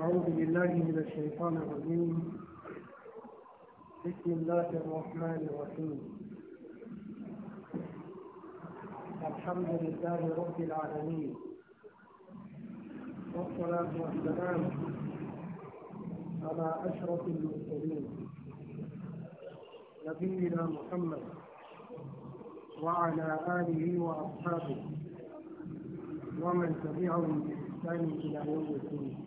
أعوذ بالله من الشيطان الرجيم بسم الله الرحمن الرحيم الحمد لله رب العالمين والصلاة والسلام على أشرف المرسلين نبينا محمد وعلى آله وأصحابه ومن تبعهم بإحسان إلى يوم الدين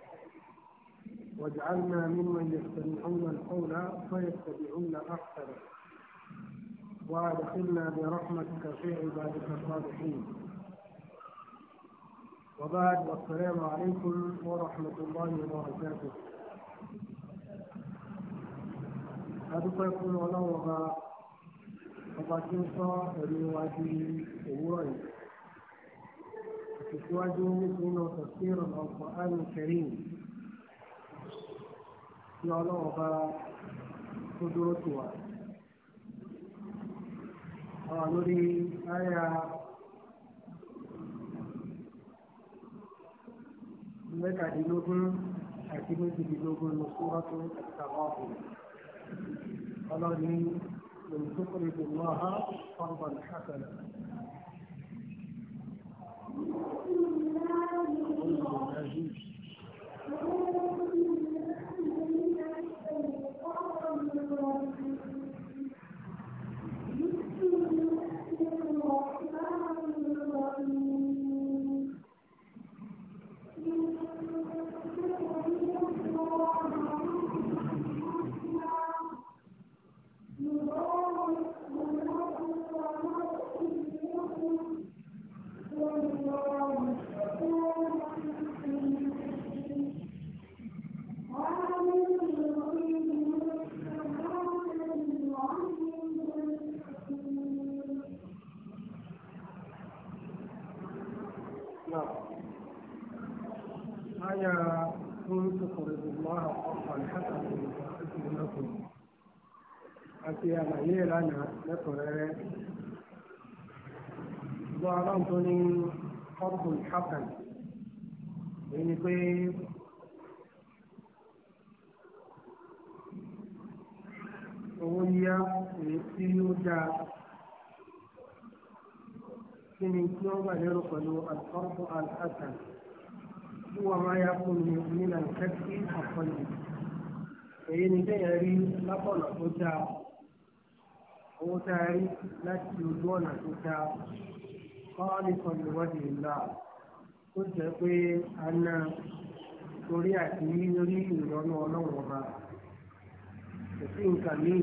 واجعلنا ممن يستمعون القول فيتبعون احسنه وادخلنا برحمتك في عبادك الصالحين وبعد والسلام عليكم ورحمه الله وبركاته adúpẹ́ fún ọlọ́run ọba ọba tí ń sọ ẹ̀mí تفسير di òwúrọ̀ yìí tí ọlọ́run bá tó dúró tù wá. ọ̀rọ̀ lórí àyà mẹ́tàdínlógún àti méjìdínlógún ló kúrò tó ìtàwọ́ ọ̀hún. ọlọ́run ní lòun tó kọ́ lè dùn náà há ọ̀gbà nìkàkàlà. Thank you. ṣàlàyé lánàá lẹ́kọ̀ọ́rẹ́rẹ́ gbọ́ aláwọ̀ tó ní ọ̀pọ̀ ìhàkàn èyí ni pé owó yíyá èyí tí ó dáa kí ni tí ó wà lérò pẹ̀lú àtọ́pọ̀ àtàkàn tí wọ́n máa yá fún mi nílànà kẹ́kí àkọlù èyí ni bẹ́ẹ̀ rí lápọ̀lọ̀ tó dáa. owó tá a lati láti ojú ọ̀nà tó ta kọ́ọ̀lì kọ̀lùwọ́dì ńlá tó jẹ́ pé a ná torí àti rí ìrọ̀nà ọlọ́run ọba kò nǹkan míì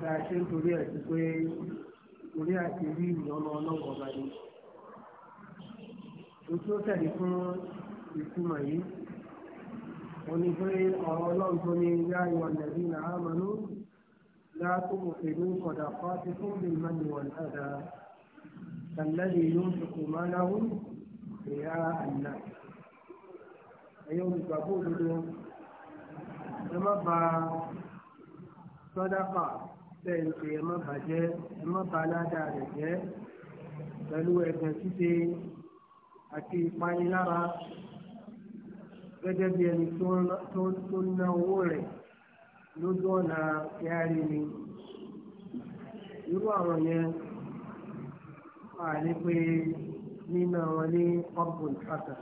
tá a ṣe ń torí ẹ̀ sí pé torí àti rí ìrọ̀nà ọlọ́run ọba ni. na tẹ̀lé لا تبطلوا صدقاتكم بالمن والأذى كالذي ينفق ماله رئاء الناس أيوم البابور لما با صدقة tẹ̀sí ẹ má bàjẹ́ ẹ má ba aládàá rẹ̀ jẹ́ pẹ̀lú ẹ̀gbẹ́ ṣíṣe àti ìpanilára gẹ́gẹ́ bí ẹni tó ná owó rẹ̀ lójú ọ̀nà yáàrí ni irú àwọn yẹn wà ní pé nínú àwọn ní ọ̀gbìn fàtà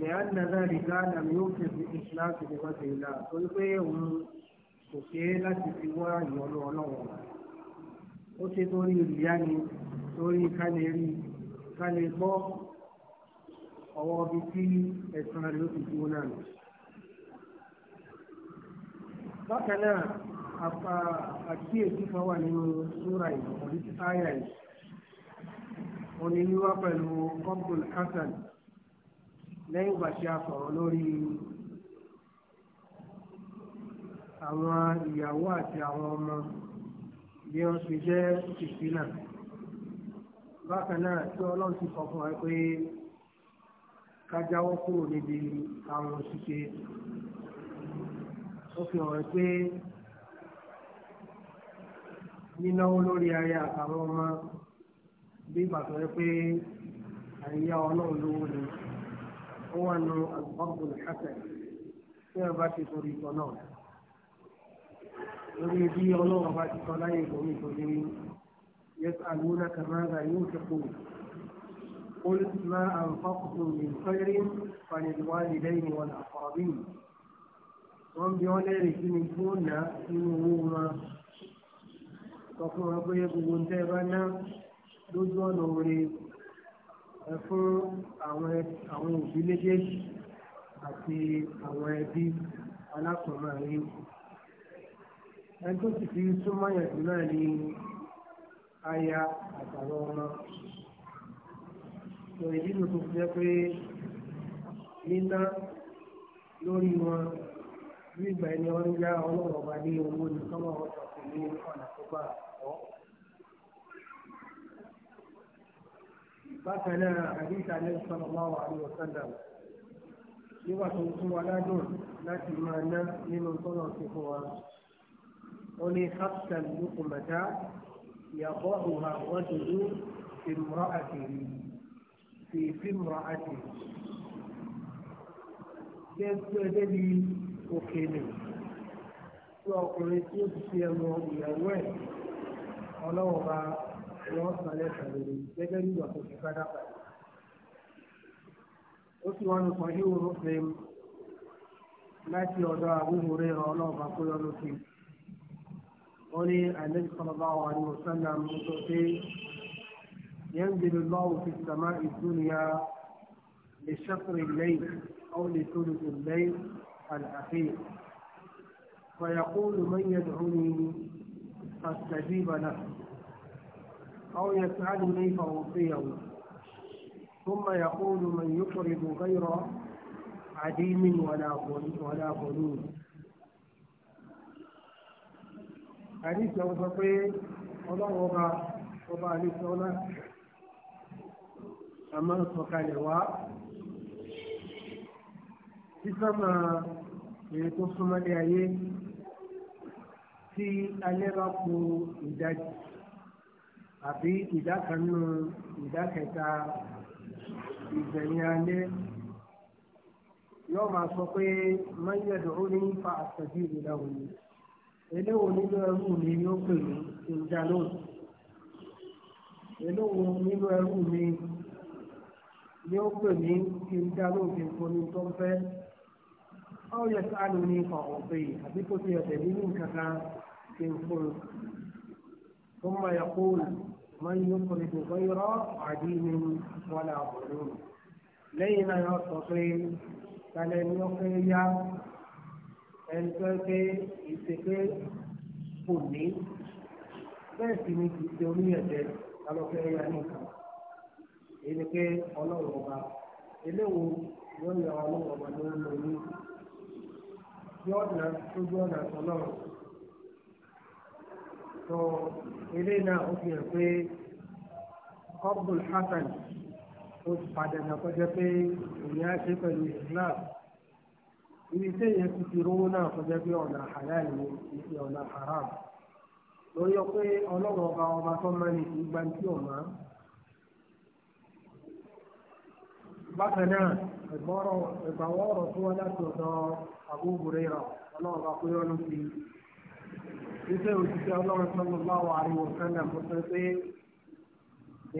lẹ́yìn náà rìgá nàmì yóò fèsì islam ti ní wọ́n ti là torí pé òun kò ṣe é láti fi wá ìyọnu ọlọ́wọ́ ó ṣe torí ìyá ni torí kálẹ̀ rí kálẹ̀ gbọ́ ọwọ́ bíi tí ẹ̀sán rẹ̀ ó ti dúró náà lọ bákan náà àpá àkíyèsí kan wà nínú súra ìdọ̀kọ̀lì táyà yìí wọn ni wíwá pẹ̀lú kọ́bùl hasan lẹ́yìn ìgbà tí a sọ̀rọ̀ lórí àwọn ìyàwó àti àwọn ọmọ bí wọ́n ṣe jẹ́ ìfínà bákan náà tí ọlọ́run ti sọ fún wa pé ká kúrò níbi àwọn òṣìṣẹ́ ó fi hàn pé nínáwó lórí aya àtàwọn ọmọ bí bàtà rẹ pé àyíyá ọlọ́run lówó ni ó wà nù àgbàbọ̀n ṣàtẹ̀ tí wọ́n bá ti torí ìtọ́ náà lórí bí ọlọ́run bá ti tọ́ láyé ìgbòmí ìtòlé yẹn àlùmọ́nà kàmáńgà yóò ti kú. قل ما أنفقتم من خير فللوالدين والأقربين wọ́n bí wọ́n lẹ́rìí kí ni kí wọ́n ná nínú owó wọn sọ fún wọn pé gbogbo ń tẹ́ bá ná lójú ọ̀nà oore ẹ fún àwọn òbí méjèèjì àti àwọn ẹbí alákọ̀ọ́mọ́ rí ẹni tó sì fi súnmọ́ yẹ̀dùn náà ni aya àtàwọn ọmọ sọ ìdí nìkan tó jẹ́ pé níná lórí wọn gbígbà ẹni wọn yá ọlọ́rọ̀ bá ní owó ní sọ́mọ́ ọ̀tọ̀ sí ní ọ̀nà tó bá ọ̀. bákan náà àdìsá ní sọ́mọ́ máa wà ní ọ̀sánda nígbà tó ń fún wa ládùn láti máa ná nínú sọ́nà tó fún wa. ó ní hapsan lukumata yàgbọ́ òhà wọ́n ti dú ìmúra àti fi fi ìmúra àti. Gẹ́gẹ́ bí òkèlè tí ọkùnrin tí ó ti ṣe ẹnu ìyàwó ẹ̀ ọlọ́wọ́ bá wọn sàlẹ̀ sàlẹ̀ gẹ́gẹ́ bí ìwà tó ti ká dábàá. ó sì wọn nìkan yóò rò pé láti ọ̀dọ̀ àwòrán rẹ̀ ọlọ́wọ́ bá kó yọ lókè. wọ́n ní àlejò sọ̀rọ̀ bá wà ní òṣèlú àmì tó ṣe ينزل الله في السماء الدنيا لشطر الليل أو لثلث الليل الأخير فيقول من يدعوني فاستجيب له أو يسألني فأعطيه ثم يقول من يقرض غير عديم ولا ولا غنوم حديث أو فقيه ولا وضع وضع لسونا أما صقالي sísánmà èyí tó súnmọ́lé ayé tí alẹ́ bá ku ìdajì àbí ìdá kan nínú ìdá kẹta ìgbẹ̀yìn alẹ́ yóò máa sọ pé mayẹ̀dù ó ní fa àtẹ̀jú ìlà òní eléwo nínú ẹrú mi ni ó pè mí ìjà lóhùn eléwo nínú ẹrú mi ni ó pè mí ìjà lóhùn kí n kọ́ni tó ń fẹ́. أو يسألني فأعطيه أبيك يتدين كذا ينفر ثم يقول من يقرض غير عديم ولا ظلوم لين يستطيع فلن يقيا أن تلقي يتقي قلني bẹ́ẹ̀ sì ni kì í ṣe oníyẹ̀jẹ̀ alọ́fẹ́ ẹ̀yà nìkan èyí ni pé ọlọ́run ọba eléwo yóò yọ ọlọ́run ọba lórí lórí yóò nà sójú ọ̀nà ọlọ́run tó eléyìí náà ó fi hàn pé abdul hasan ó padà nà kọjá pé èèyàn á ṣe pẹ̀lú islam ibi tí èèyàn ti fi rówó náà kọjá pé ọ̀nà halal ni ìfi ọ̀nà haram lórí ọ pé ọlọ́run ọba ọba tó máa ní ìgbà tí ò máa. bákan náà ẹ̀gbọ́rọ̀ ẹ̀gbàwọ́ ọ̀rọ̀ tó wá láti ọ̀dọ̀ Abu Hurairah ọlọ́run bá pé ọ́nù sí i. Ṣíṣe òṣìṣẹ́ ọlọ́run sọ́nù bá wà ariwo sẹ́nà kó sọ pé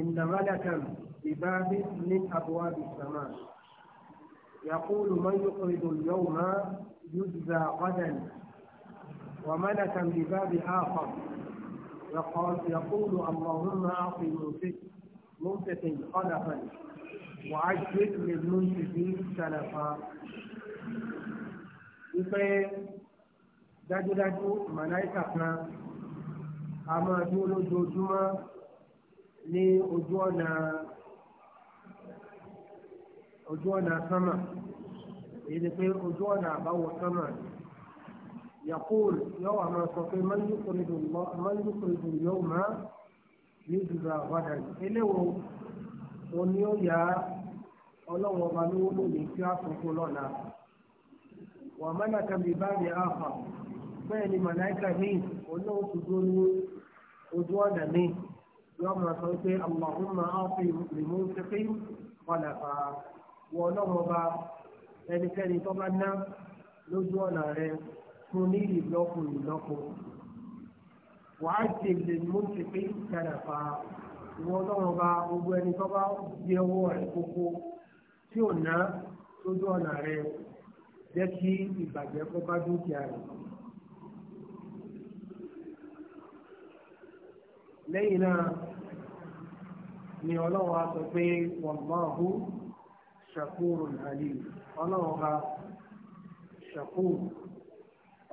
ìnàmálẹ̀kàn ìbáàbí ní àbúwábí sàmà. يقول من يقرض اليوم يجزى غدا وملكا بباب آخر يقول اللهم أعطي ممسك ممسك خلفا وعجل للمنتجين سلفا wípé dájúdájú màláìkà kan a máa dúró lójoojúmọ́ ní ojú ọ̀nà ojú ọ̀nà sánmà èyí ni pé ojú ọ̀nà àbáwọ̀ sánmà yakul yóò wà máa sọ pé máa ń dúkùn ìdùn yóò máa ní ìdùnnú àwàdà eléwo oní ó yà á ọlọ́run ọba ló wúlò ní kí á fọ́kó lọ́la wà mẹ́lẹ̀kà mi bá mi àfà bẹ́ẹ̀ ni màláìkà mi olóhùn tó dúró ní ojú ọ̀nà mi yọ ọmọ sọ pé àmọ̀húnmá áfì rìmú pípé padà fà á wọ ọlọ́run ọba ẹnikẹ́ni tó bá ná lójú ọ̀nà rẹ fún ní ìlọ́kùn ìlọ́kùn wàá ṣe lè mú pípé padà fà á wọ ọlọ́run ọba gbogbo ẹni tó bá gbé ọwọ́ rẹ kókó tí ò ná sójú ọ̀nà rẹ̀ jẹ́ kí ìbàjẹ́ kó bá dúkìá rẹ̀. lẹ́yìn náà ni ọlọ́run a sọ pé wàlláhu ṣàkóòrò nàlẹ́ ọlọ́run a ṣàkóòrò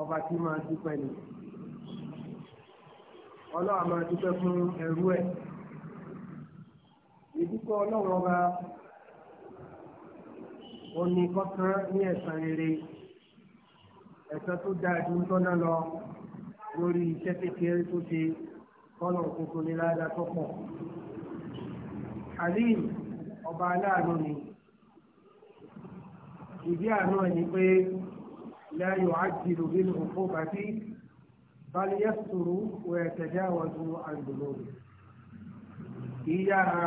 ọba tí máa dúpẹ́ ni ọlọ́run máa dúpẹ́ fún ẹrú ẹ̀ ìdúpọ̀ ọlọ́run ọba ó ní kọ́kán ní ẹ̀sán rere ẹ̀sán tó dáa ju tọ́nà lọ lórí iṣẹ́ kékeré tó ṣe kọ́nà òkùnkùn ní ládàá tó pọ̀. alim ọba aláàánú ni ìdí àánú ẹ̀ ni pé láyò ájìlú nínú òkú bàtí bali yẹ́sùrù wẹ̀ tẹ̀já wọ́n ju àgbègbè. kì í yára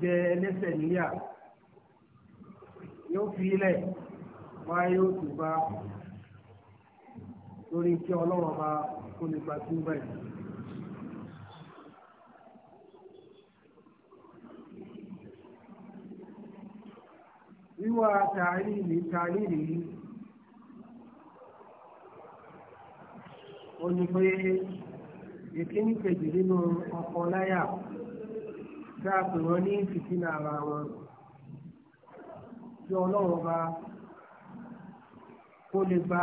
jẹ ẹlẹ́sẹ̀ níyà. yóò fi ma máa yóò tù bá lórí kí ọlọ́run bá kó lè gba bẹ̀. wíwá tààríìlì tààríìlì yìí ó ní pé ìkíní kejì nínú ọkọ̀ a pè wọ́n ní fìtínà ara wọn. kí ọlọ́run bá kó lè bá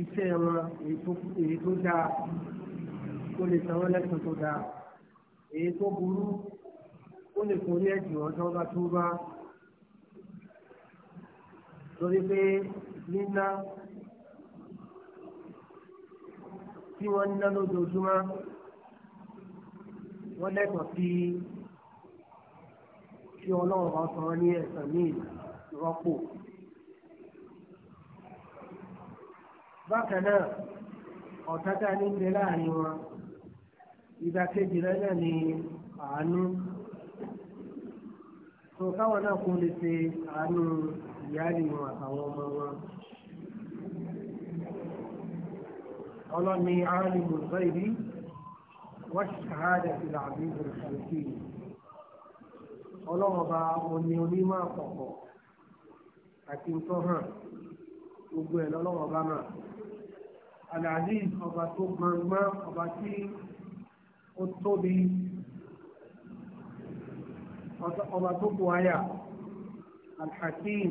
iṣẹ́ wọn èyí tó dáa kó lè san wọ́n lẹ́sìn tó dáa èyí tó burú kó lè forí ẹ̀jẹ̀ wọn tó bá tó bá torí pé níná tí wọ́n ń ná lójoojúmọ́ wọ́n lẹ́tọ̀ọ́ sí i kí ọlọ́run bá san ní ẹ̀sán ní ìrọ́pò. bákan náà ọ̀tátá ní ń bẹ láàrin wọn ìdàkejì rẹ náà ni àánú tó káwọn náà kó lè ṣe àánú ìyáàlì wọn àtàwọn ọmọ wọn. ọlọ́ni àálìmù ìbí wọ́n ṣàhádà ìlà àbí ìbùrùkàlùkì yìí ọlọ́run ọba òní onímọ̀ àkọ́kọ́ àti nǹkan hàn gbogbo ẹ̀ lọ́lọ́run ọba náà alaziz ọba tó gbangba ọba tí ó tóbi ọba tó bu aya alhakim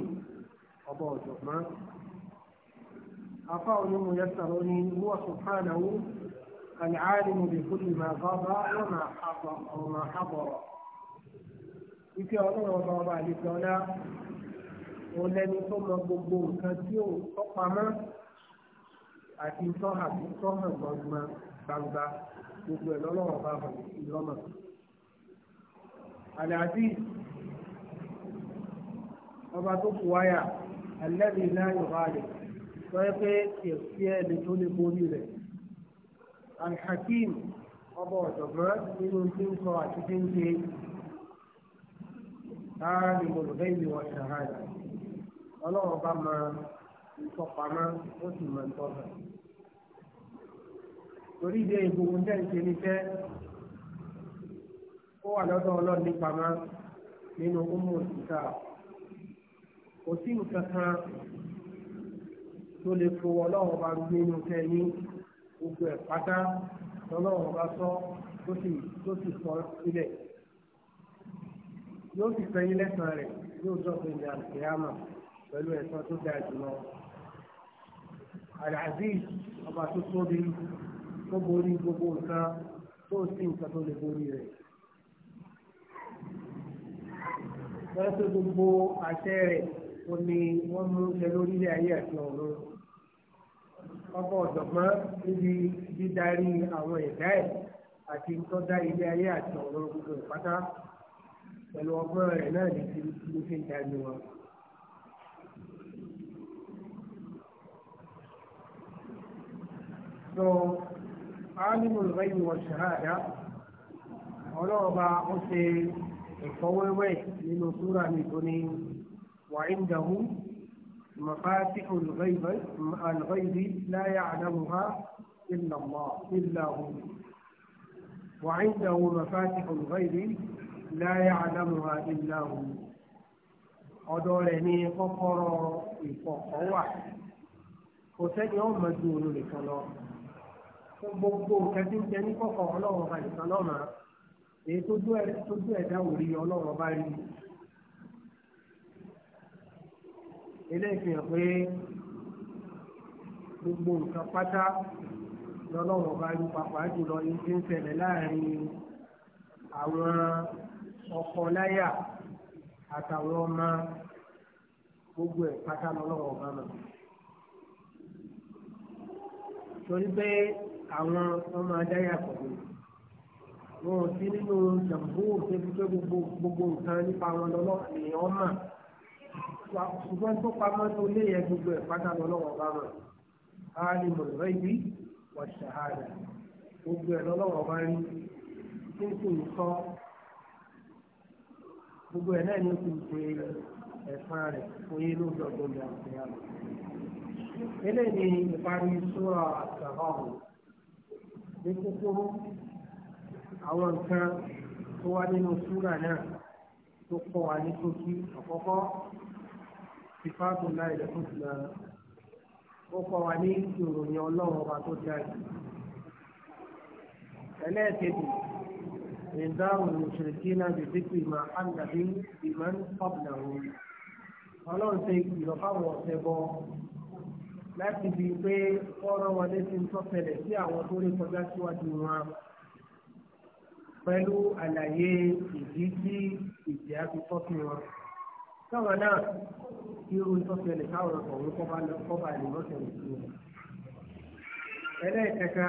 ọba ọ̀jọ̀gbọ́n afa òní mo yẹ sàrọ̀ ní wúwa subhanahu alalimu bi kulli ma gaba wa ma habara ike ọlọ́run ọba ọba àlejò ọlá òun lẹni tó mọ gbogbo nǹkan tí ò tọpamọ́ àti tọ́hà tọ́hà gbọ̀ngbọ̀n gbangba gbogbo ẹ̀ lọ́lọ́run ọba hàn ìlọ́mọ. àlàáfíì ọba tó kù wáyà alẹ́bí láyò báyìí sọ pé kìí ẹni tó lè borí rẹ̀ alhakim ọba ọ̀jọ̀gbọ́n nínú tí ń sọ àti tí ń ṣe. عالم الغيب والشهادة ọlọ́run bá máa ń tọpamọ́ ó sì máa ń tọ́ka torí ìdí ìgbòho ń tẹ̀sí níṣẹ́ ó wà lọ́dọ̀ ọlọ́run nípamọ́ nínú ọmọ òṣìṣà kò sí nǹkan kan tó lè fo ọlọ́run bá nínú kẹ́yìn gbogbo ẹ̀ pátá lọ́lọ́run yóò sì sẹ́yìn lẹ́sàn-án rẹ̀ yóò dọ́gbìn ní àlùkìyàmà pẹ̀lú ẹ̀sán tó dáa jùlọ. Al-Aziz ọba tó tóbi tó borí gbogbo nǹkan tó sì nǹkan tó lè borí rẹ̀. Wọ́n pé gbogbo àṣẹ rẹ̀ ó ní wọ́n mú ṣe lórílẹ̀ ayé àti ọ̀run. Ọba ọ̀jọ̀gbọ́n níbi dídarí àwọn ẹ̀dá ẹ̀ àti nǹkan dá ilé ayé àti ọ̀run gbogbo ìpátá. pẹ̀lú ọgbọ́n rẹ̀ náà ní ti ló fi ń dájú wa. so alimul ghaibi wa shahada ọlọ́ọ̀ba ó ṣe ìfọwẹ́wẹ́ nínú súra mi tó ní wà ń dàhú مفاتح الغيب الغيب لا يعلمها إلا الله إلا هو وعنده مفاتح الغيب láyé àdámùwà ìlà òun ọ̀dọ̀ rẹ̀ ní kọ́kọ́rọ́ ìkọ̀kọ̀ wà kò sẹ́ni lọ gbogbo nǹkan tí ń jẹ ní kọkọ ọlọ́run ọba nìkan lọ́mọ èyí tó dú ẹ̀dá òrí ọlọ́run ọba rí eléyìí pé gbogbo nǹkan pátá ọba rí jùlọ ọkọ láyà àtàwọn ọmọ gbogbo ẹ pátá lọ́wọ́ ọba mọ̀. torí pé àwọn ọmọ adáyà wọn ò nínú gbogbo nǹkan nípa wọn lọ́wọ́ èèyàn mọ̀ ṣùgbọ́n tó pamọ́ tó lé gbogbo ẹ pátá lọ́wọ́ ọba gbogbo ọba rí tí sọ gbogbo ẹ̀ náà ni ó ti ṣe ẹ̀fọn rẹ̀ oyé lójú ọdún ní àkúnya rẹ̀. eléyìí ni ìparí sóra àtàwọn ní kúkúrú àwọn nǹkan tó wá nínú súra náà tó kọ́ wa ní sókí àkọ́kọ́ sífáàtò láì lẹ́kùn sí náà ó kọ́ wa ní ìròyìn ọlọ́run ọba tó dáa ẹlẹ́ẹ̀kejì. إنذار المشركين بذكر ما حل به بمن قبلهم ọlọ́run ṣe ìkìlọ̀ fáwọn ọ̀sẹ̀ bọ láti fi pé ọ̀rọ̀ wọn létí ń tọ́sẹ̀lẹ̀ sí àwọn tó lè kọjá síwájú wọn pẹ̀lú àlàyé ìdí tí ìjì á fi tọ́sí wọn. káwọn náà irú tọ́sẹ̀lẹ̀ káwọn ọ̀hún kọ́ bá lọ kọ́ bá lè lọ́sẹ̀lẹ̀ sí wọn. ẹlẹ́ẹ̀kẹta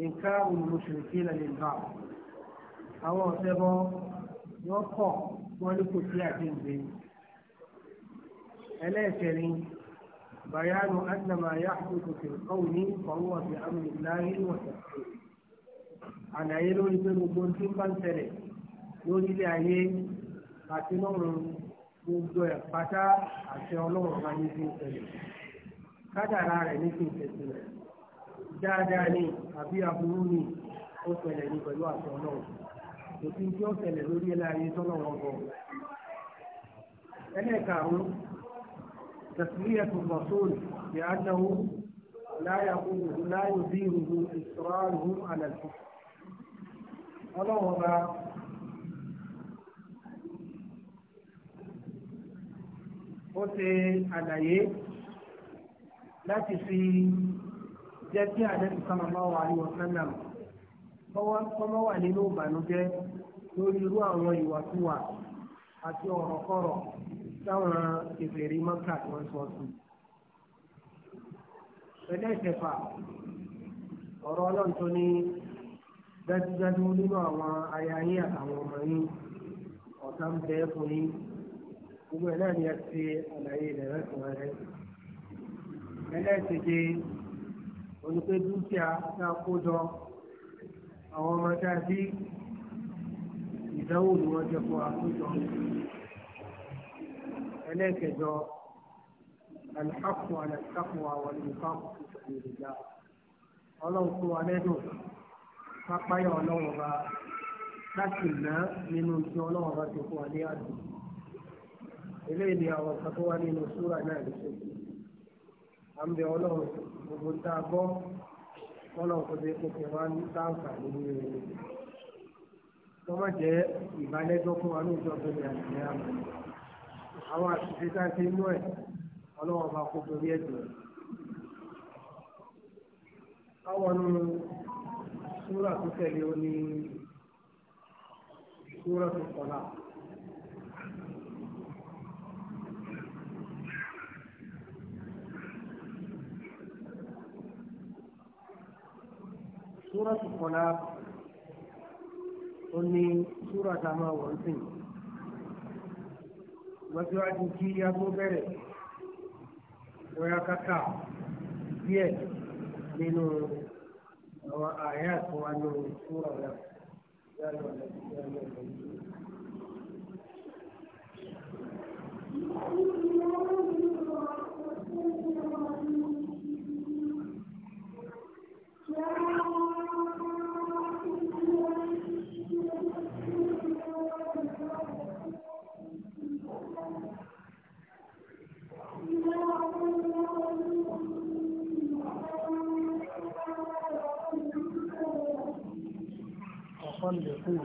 nǹkan olùmọ̀ṣẹ̀lẹ̀ sí lẹ́yìn báwọn àwọn ọ̀sẹ̀ bọ́ wọ́n kọ̀ wọ́n ní kò sí àjíǹde. ẹlẹ́ẹ̀kẹrin bayanu anama yaxutu fi kawni fọwọ́ fi amúlẹ̀ láyé wọ̀sẹ̀. àlàyé lórí pé gbogbo tí ń bá ń tẹ̀lé lórí ilé ayé àti lọ́rùn gbogbo ẹ̀ pátá àti ọlọ́run bá ní kí n tẹ̀lé kádàrá rẹ̀ ní kí n tẹ̀sí rẹ̀ dáadáa ni àbí aburú ni ó tẹ̀lé ní pẹ̀lú àti ọlọ́run kò sí tí ó ṣẹlẹ̀ lórí ẹláyé tọ́nà wọn kọ. ẹlẹ́ẹ̀karùn-ún tẹ̀sílẹ̀ tó lọ sóòlù ti àjọwò láyà kúrò láyò bí ìrùbù ìṣòro àlàfo. ọlọ́wọ́n bá ó ṣe àlàyé láti fi jẹ́ kí àdéhùn sọ́nà máa wà ní wọ́n sẹ́ńdà kọ́mọ́ wà nínú ìbànújẹ́ lórí irú àwọn ìwàkuwà àti ọ̀rọ̀kọ̀rọ̀ táwọn ìfèrè mọ́kà tí wọ́n sọ sí. ẹlẹ́kẹfà ọ̀rọ̀ ọlọ́run tó ní dájúdájú nínú àwọn aya yín àtàwọn ọmọ yín ọ̀tá ń bẹ fún yín gbogbo ẹ̀ náà ni a ti àlàyé rẹ̀ lẹ́sìn rẹ̀. ẹlẹ́kẹ̀jẹ̀ onípe dúkìá tá a kó àwọn ọmọ tá a bí ìdánwò ni wọ́n jẹ́ fún àkójọ ẹlẹ́ẹ̀kẹjọ alḥaqu alḥaqu àwọn olùkọ́ ìrìnà ọlọ́run fún wa lẹ́dùn pápáyọ̀ ọlọ́run ọba láti ná nínú tí ọlọ́run ọba ti fún wa ní àdùn eléyìí ni àwọn kan tó wá nínú súrà náà lè ṣe à ọlọ́run gbogbo tá a gbọ́ kọ́lọ̀ kó dé kó ní sáǹfà nínú rẹ̀. Tọ́mọ̀ jẹ́ ìbálẹ́jọ́ fún wa lóòjọ́ bẹ̀rẹ̀ àtìlẹ́ àmọ́. Àwọn àṣìṣe tá a ṣe inú ẹ̀ ọlọ́wọ́n bá kó torí ẹ̀jẹ̀. Àwọn nínú súrà tó tẹ̀lé o ní súrà tó kọ̀lá. سورة الطلاق أني سورة ما وانسين وسورة كي يا مبرر ويكاكا يس من آيات وأنه سورة يا أيها الذين آمنوا 这个是我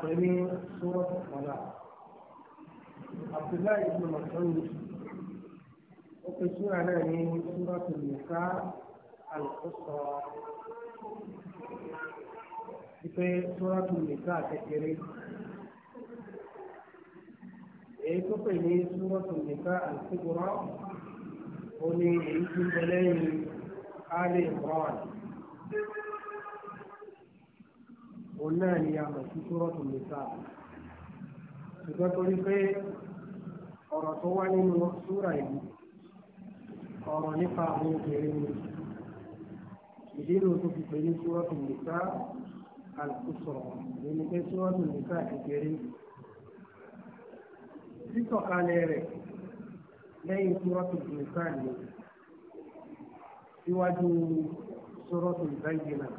pè ní sọ́rọ́ tọ̀kọ̀lá abdullahi ibn ó pe súra náà ní sọ́rọ́ tòlùkà alùpùpù ìpè sọ́rọ́ tòlùkà kékeré èyí tó pè ní sọ́rọ́ tòlùkà alùpùpù ó ní èyí tó ń bẹ lẹ́yìn alẹ́ ìmọ̀ràn òun náà ni a mọ̀ sí sórọ́tù nìsa ṣùgbọ́n torí pé ọ̀rọ̀ tó wá nínú súra yìí ọ̀rọ̀ nípa àwọn obìnrin ni ìdílé tó fi pè ní sórọ́tù nìsa alùpùsọ̀rọ̀ nínú pé sórọ́tù nìsa kékeré sísọ̀kalẹ̀ rẹ̀ lẹ́yìn sórọ́tù nìsa ni síwájú sórọ́tù ìbáyìí náà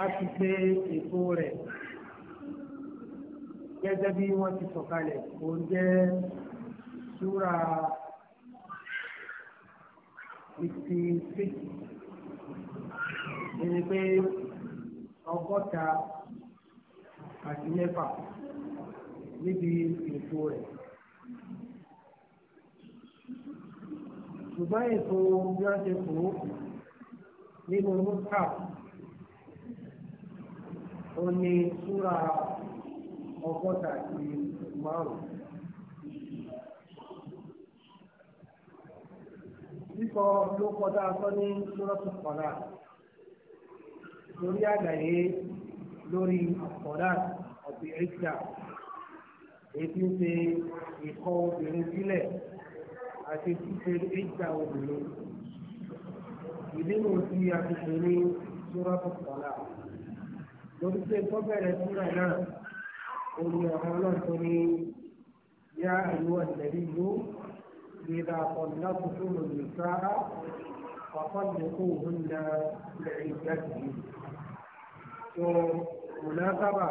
a ti pé ètò rẹ̀ gẹ́gẹ́ bí wọ́n ti sọ̀kalẹ̀ òun jẹ́ súra sixty six ẹni pé ọgọ́ta àti mẹ́fà níbi ètò rẹ̀. ṣùgbọ́n ètò bí wọ́n ṣe kó nínú mustapha ó sura súra ọgọ́ta àti márùn-ún. Sísọ ló kọjá sọ ní súra tó kọ̀dá lórí àgbáyé lórí ọ̀kọ̀dá ọ̀sẹ̀ ẹ̀ṣà èyí ń ṣe ìkọ́ obìnrin sílẹ̀ àti ṣíṣe ẹ̀ṣà obìnrin. Ìdí nù sí àfihàn ní súra tó kọ̀dá lórí pé tó bẹ̀rẹ̀ súra náà orí ọ̀rọ̀ náà tó ní yá ìlú ẹ̀lẹ́rí ló ìlà ọ̀nà tuntun lòdì sáà ọ̀pọ̀lọpọ̀ òun na lẹ́yìn jáde yìí. tó ònà sábà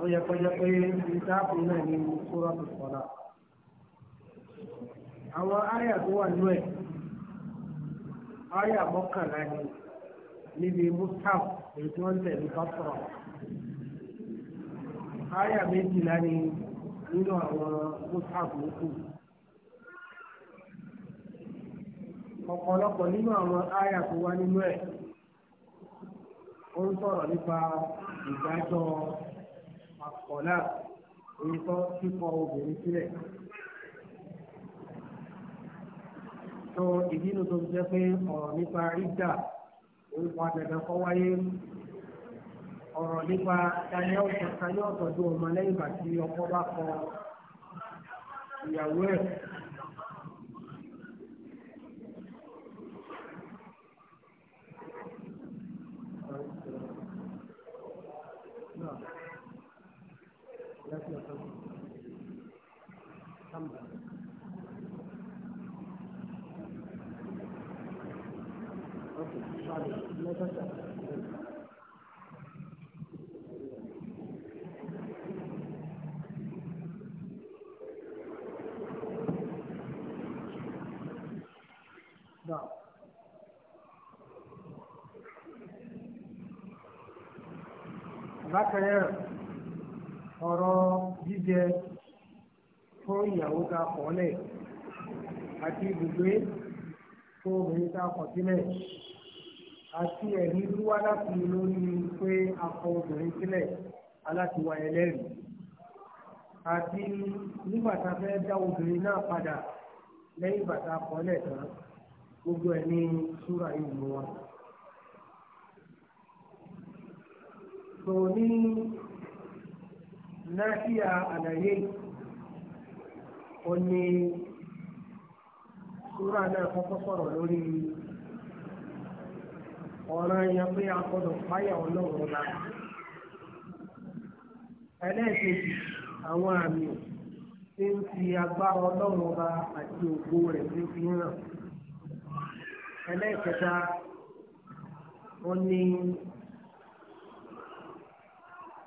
ó yẹ kọjá pé ìdáàbò náà ní súra tó sọ̀rọ̀. àwọn àyà tó wà nú ẹ̀ àyà mọ́kànlá ni níbi mustaf èyí tí wọ́n ń tẹ̀lé bàtọ̀rọ̀. Aya méjìlá ni nínú àwọn mustaf yòókù. Ọ̀pọ̀lọpọ̀ nínú àwọn aya tó wá nínú ẹ̀ ó ń sọ̀rọ̀ nípa ìdájọ́ àkọ́lá èyí tó kíkọ obìnrin sílẹ̀. sọ ìdí ló tó jẹ́ pé ọ̀rọ̀ nípa rídà orúkọ àtẹ̀tẹ̀ kọ́ wáyé ọ̀rọ̀ nípa tani ọ̀tọ̀ tani ọ̀tọ̀ tó ọmọ lẹ́yìn ìgbà tí ọkọ bá kọ ìyàwó ẹ̀ Now, bákan náà ọ̀rọ̀ jíjẹ fún ìyàwó ta kọ́ lẹ̀ àti ibùgbé fún obìnrin ta kọ̀ sílẹ̀ àti ẹ̀rí wíwá láti lórí pé akọ obìnrin sílẹ̀ alátiwá ẹlẹ́rìí àti nígbà tá a fẹ́ dá obìnrin náà padà lẹ́yìn bàtà kọ́lẹ̀ tán gbogbo ẹ̀ ní súra yìí mú wa. tò ní náṣíà àlàyé ó ní súra náà kọ́kọ́ sọ̀rọ̀ lórí. ọ̀ràn yẹn pé a gbọ́dọ̀ páyà ọlọ́run ọba. ẹlẹ́ẹ̀kejì àwọn àmì tí ń fi agbára ọlọ́run àti ògbó rẹ̀ fi hàn. ẹlẹ́ẹ̀kẹta wọ́n ní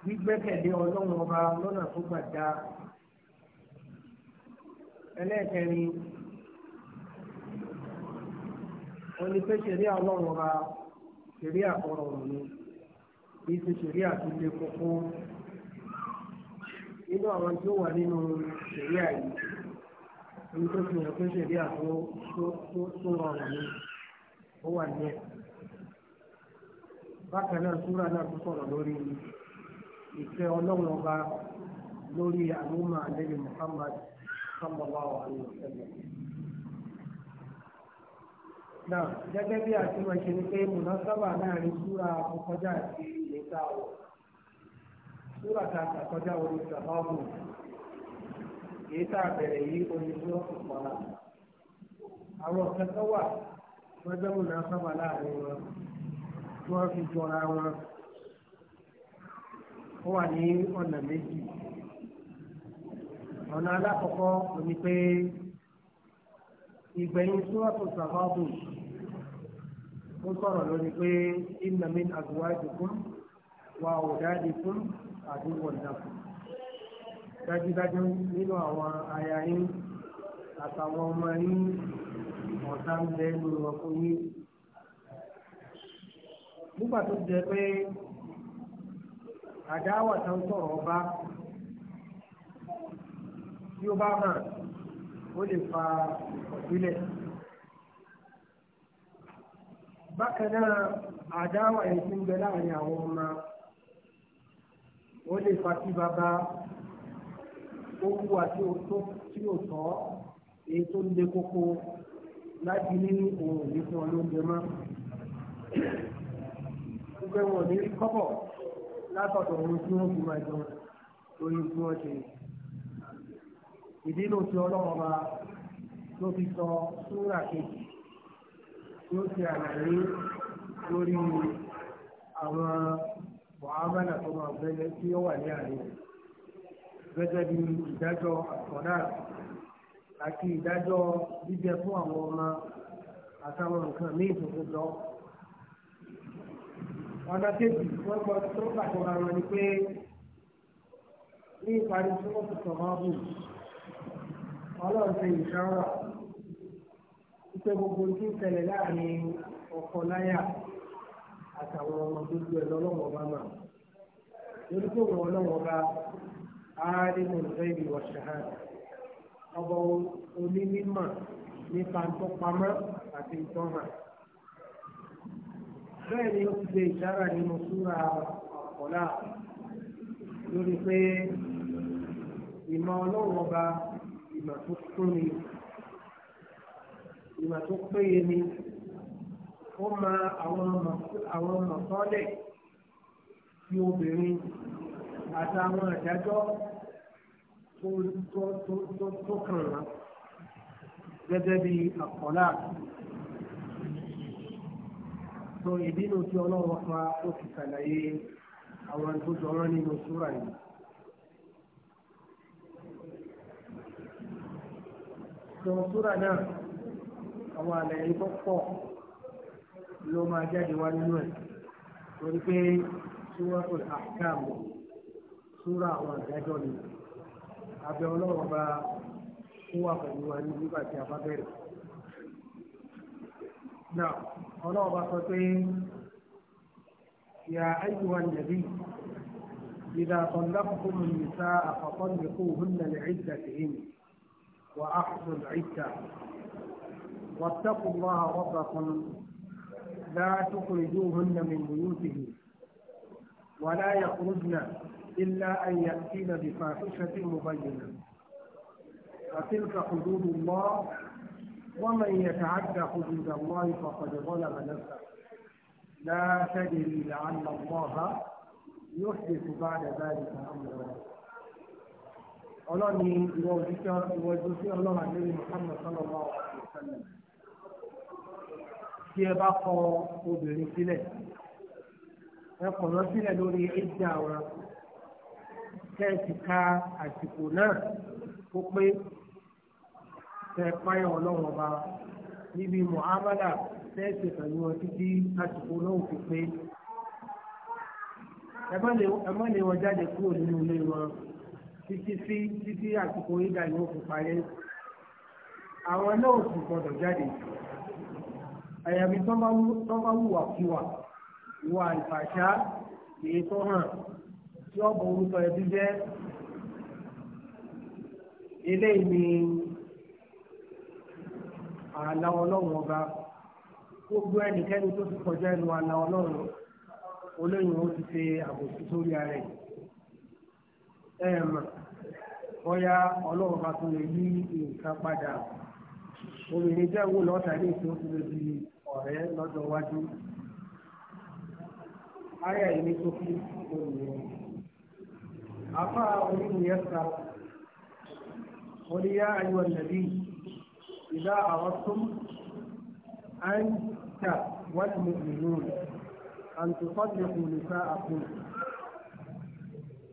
gbígbẹ́kẹ̀lé ọlọ́run ọba lọ́nà tó gbà ẹlẹ́ẹ̀kẹrin wọ́n ní ọlọ́run ọba. ṣeré àkọrọ ọ̀rọ̀ ni kì í ṣe ṣeré àtúnṣe kókó nínú àwọn tí ó wà nínú ṣeré àyè ẹni tó fi hàn pé ṣeré àtúnṣe rọrùn ni ó wà ní ẹ̀. bákan náà súrà náà tó sọ̀rọ̀ lórí ìfẹ́ ọlọ́run ọba lórí àlùmọ̀ àlẹ́lẹ̀ muhammad sallallahu alayhi wa sallam. náà gẹ́gẹ́ bí àtúmọ̀ ṣe ni pé mùnàsábà láàrin súra àkọkọjá àti ìlẹ́ta ọ̀ súra ta àkọkọjá orí ìjọba a bẹ̀rẹ̀ yìí omi tí wọ́n kọ̀ la àwọn kẹ́kẹ́ wà wọ́n jẹ́ mùnàsábà láàrin wọn tí wọ́n fi jọra wọn ó wà ní ọ̀nà méjì ọ̀nà alákọ̀ọ́kọ́ pé. ìgbẹ̀yìn súwọ́tò sàfáàbù ó sọ̀rọ̀ lórí pé ìnàmí àgùwájìkún wa ò dáàdì fún àdúgbò dàpọ̀ dájúdájú nínú àwọn aya yín àtàwọn ọmọ yín ọ̀tá ń bẹ nínú ọkọ yín nígbà tó jẹ pé àdáwà tó ń sọ̀rọ̀ ọba tí ó bá hàn ó lè fa sílẹ̀. bákan náà àdáwà ẹ̀sìn ń bẹ láàrin àwọn ọmọ ó lè fa kí bàbá ó wúwa tí ó tó tí ó tọ́ èyí tó ń lé kókó láti ní òun òní fún ọ lóúnjẹ mọ́. gbogbo wọn ò ní rí kọ́bọ̀ látọ̀dọ̀ ohun tí wọ́n fi máa jẹun lórí tí wọ́n ṣe. ìdí ló ti ọlọ́run ọba ló fi sọ súrà kejì tí ó ti àlàyé lórí àwọn wàhálà tó máa bẹ́lẹ̀ tí ó wà ní àárín gẹ́gẹ́ bí ìdájọ́ àkọ́dá àti ìdájọ́ jíjẹ fún àwọn ọmọ àtàwọn nǹkan ní ìdòdó lọ. ọ̀nà kejì wọ́n gbọ́ tó pàtó ara wọn ni pé ní ìparí tí wọ́n ti sọ̀rọ̀ ọ̀hún ọlọ́run ṣe ìṣàwọ̀ ipe gbogbo tí ń ṣẹlẹ̀ láàrin ọkọ láyà àtàwọn ọmọ tó ju ẹ lọ́wọ́ bá mà lórí tó wọ ọlọ́wọ́ bá áádínú ìrẹ́bì wọ̀ṣẹ̀há ọba onímọ̀ nípa tó pamọ́ àti ìtọ́nà. bẹ́ẹ̀ ni ó ti ṣe ìṣára nínú súra ọ̀la lórí pé ìmọ̀ ọlọ́wọ́ bá ìmọ̀ tó kún ni ìmọ̀ tó péye ni ó ma àwọn mọ̀sọ́lẹ̀ tí obìnrin àtàwọn àdájọ́ tó kàn án gẹ́gẹ́ bí àkọ́lá. sọ ìdínú tí ọlọ́wọ́ fa ó ti ṣàlàyé àwọn tó jọrọ nínú súra yìí. sọ súra náà àwọn àlàyé tó pọ̀ ló máa jáde wá nínú ẹ̀ torí pé súwọ́n tó àkàmù súra àwọn àdájọ́ ni abẹ ọlọ́run bá fún wa pẹ̀lú wa ní nígbà tí a bá bẹ̀rẹ̀. náà ọlọ́run bá sọ pé يا أيها النبي إذا طلقتم النساء فطلقوهن لعدتهن وأحصوا العدة واتقوا الله ربكم لا تخرجوهن من بيوته ولا يخرجن إلا أن يأتين بفاحشة مبينة وتلك حدود الله ومن يتعدى حدود الله فقد ظلم نفسه لا تدري لعل الله يحدث بعد ذلك أمرا ọlọ́ni ìwọ الله ọlọ́run àlẹ́yìn muhammed sallallahu alayhi wa sallam tí ẹ bá kọ obìnrin sílẹ̀ ẹ kọ̀ lọ sílẹ̀ lórí ẹ̀jẹ̀ àwọn kẹ́ẹ̀sì ka àsìkò náà ó pé tẹ páyà ọlọ́run ọba níbi muhammadu tẹ́ẹ̀sì pẹ̀lú wọn títí àsìkò náà fi pé ẹ má lè wọn jáde kúrò nínú ilé wọn títí sí títí àsìkò ìdá yóò fi parí àwọn náà sì gbọdọ̀ jáde. àyàfi tọ́ba wùwà kíwà ìwà ìfàṣà èyí tó hàn tí ọ̀bọ̀ orúkọ ẹbí jẹ́ eléyìí ni ààlà ọlọ́run ọba gbogbo ẹnikẹ́ni tó ti kọjá ẹnu ala ọlọ́run olóyìn ó ti ṣe àbòsí sórí ara ẹ̀ ẹ̀ ọlọ́run ọba tún lè padà. obìnrin jẹ́ owó lọ́ta ní ìṣó tó lè di ọ̀rẹ́ lọ́jọ́ iwájú. Ayé ìní tó fi olùyẹn. Afá onímùyẹ́ sa, oníyá ayọ̀ nàbí, ìdá àwọn tún, à ń tà wọ́n mú ìlú rẹ̀, à ń tún fọ́ọ̀dù kù nìka àpò.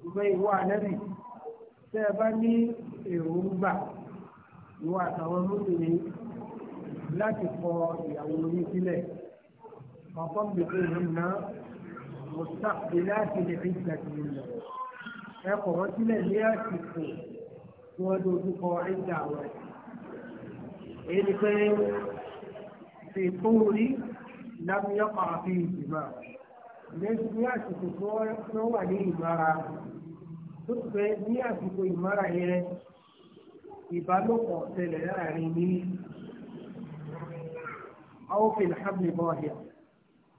Ìgbé ìwọ ànẹ́bì, tẹ́ ẹ bá ní èròǹgbà, ìwọ àtàwọn múlùmí láti kọ ìyàwó yín sílẹ̀ ọ̀pọ̀n gbèsè yìí ná mùsàkì láti lè fi gbàgbé lọ ẹ kọ̀ wọ́n sílẹ̀ ní àsìkò tí wọ́n dojú kọ ẹ̀dá rẹ̀ èyí ni pé ṣètò orí lábúyọ́ pàápàá ìjìmá lẹ́sùn ní àsìkò tí wọ́n wà ní ìmára tó pé ní àsìkò ìmára yẹn ìbálòpọ̀ ṣẹlẹ̀ láàrin ní àwòfin hábìlì bọ́ọ̀dì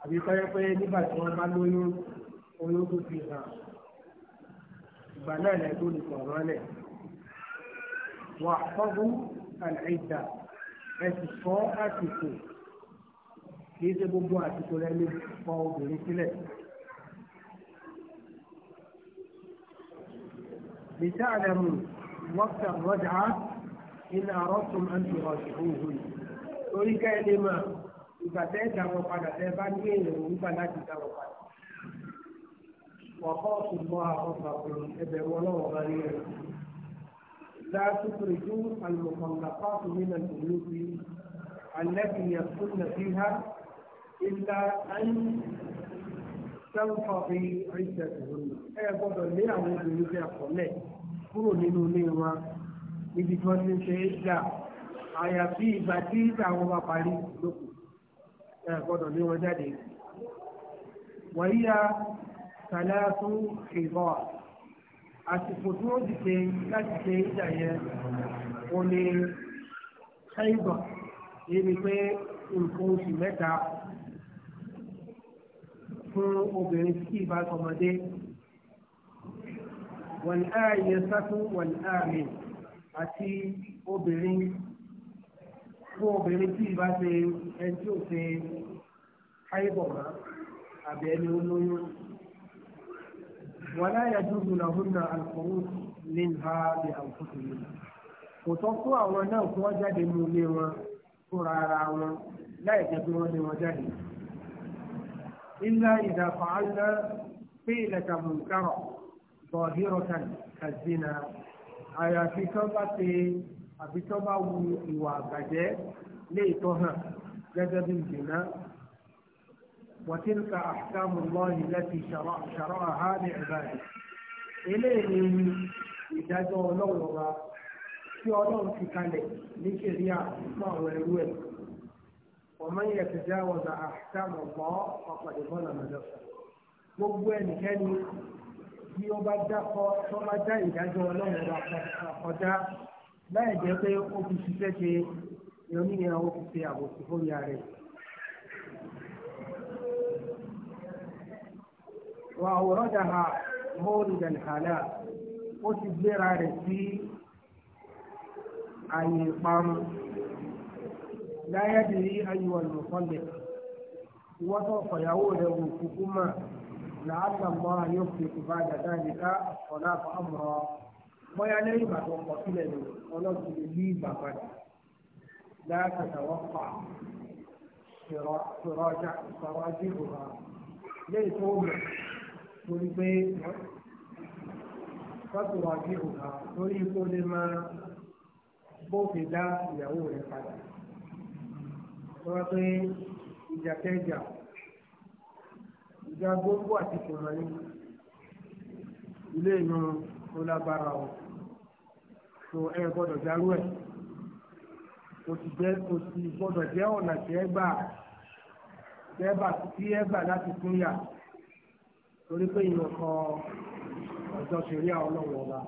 àbí pẹ́ẹ́pẹ́ nígbà tí wọ́n bá lóyún oyún tó ti hàn ìgbà náà lẹ́yìn tó lè sọ̀rọ̀ lẹ̀ wà fọ́gù àlẹ́dà ẹ fọ́ àsìkò kì ṣe gbogbo àsìkò rẹ lè fọ obìnrin sílẹ̀. لتعلموا وقت الرجعة إن أردتم أن تراجعوهن. أريك لما ìgbà tẹ́ ẹ̀ dáwọ́ padà tẹ́ ẹ bá ní èèyàn nígbà láti dáwọ́ padà. wàhálà tó mọ àwọn fàkùn ẹbẹ̀ wọn náà wọ́n bá rí ẹ̀. láti pèrèjú àlùmọ̀kànlá fáàkùn nínú ìlú fi alẹ́bí yẹ̀kún nàbíhá ilá ayé sẹ́ńfọ̀ fi ríṣẹ̀ ìròyìn. ẹ gbọ́dọ̀ lé àwọn obìnrin bí àkọlẹ̀ kúrò nínú ilé wa níbi tí wọ́n ti ń ṣe é dà àyàfi ìgbà tí àwọn bá parí lókun ẹ gbọ́dọ̀ lé wọn jáde wàyíyá kàlàtú ìbọ̀ àsìkò tí ó dìde láti ṣe ìjà yẹn ò ní ṣáìbọ̀ níbi pé nǹkan oṣù mẹ́ta fún obìnrin tí kì í bá sọmọdé wọ̀n áàyè sátún wọ̀n áàmì àti obìnrin fún obìnrin tí ìbá ṣe ẹni tí ò ṣe káyébọ̀ mọ́ àbí ẹni olóyún. wọ́n láyà dúdú làwọn náà àkọ́wò lè ń ha bí àwòkútù yìí. kò tọ́ fún àwọn náà kí wọ́n jáde mú ilé wọn fúnra ara wọn láì jẹ́ pé wọ́n lé wọn jáde. ilá ìdàpọ̀ àlá pé ìlẹ̀kà mùkárọ̀ bọ̀ hírọ̀kan kàzínà àyàfi kan bá ṣe àbí tó bá wu ìwà àgbàjẹ́ lè tọ́ hàn gẹ́gẹ́ bí ìdènà وتلك أحكام الله التي شرع شرعها لعباده eléyìí ni ìdájọ́ ọlọ́run ọba tí ọlọ́run fi kalẹ̀ ní ṣẹ̀ríà fún àwọn ẹrú ẹ̀ ọmọ yẹn ti já ọ̀dà àṣàmọ̀ bọ́ ọ̀pọ̀lọpọ̀ bọ́ọ̀lù ọ̀dọ́ gbogbo ẹnikẹ́ni bí ó bá dákọ́ tó bá dá ìdájọ́ ọlọ́run ọba kọjá láì jẹ́ pé ó fi ṣiṣẹ́ ṣe oníyẹn ó fi ṣe àbòsí fún ìyá rẹ̀. wà àwòrán dàhà mọ́ọ̀lì dàlhàlà ó ti gbéra rẹ̀ sí àyè ìparun láyàdìrí ayùwà lùmọ̀kọ́lẹ̀ wọ́n tó fọ̀yàwó rẹ̀ wò kúkú mọ́ làálàmọ́ ayọ́kùnrin kò bá dàda nìka ọ̀la àbọ̀ bóyá lẹ́yìn ìgbà tó kọ sílẹ̀ ni ọlọ́run lè ní ìgbà padà láti tàwọn pa sọ̀rọ̀jà sọ̀rọ̀jì òra lẹ́yìn tó wọ̀ torí pé sọ̀rọ̀jì òra torí kó lè máa bó ti dá ìyàwó rẹ̀ padà. Sọ́wọ́n pé ìjàkẹ́jà ìjà gbogbo àti kòmọ́lé ilé ìyọ̀run ó lágbára o so ẹ gbọ́dọ̀ dárú ẹ̀ kò sì jẹ́ kò sì gbọ́dọ̀ jẹ́ ọ̀nà tí ẹ gbà tí ẹ gbà láti tún yà torí pé ìyẹn kan ọjọ́ ṣeré àwọn ọba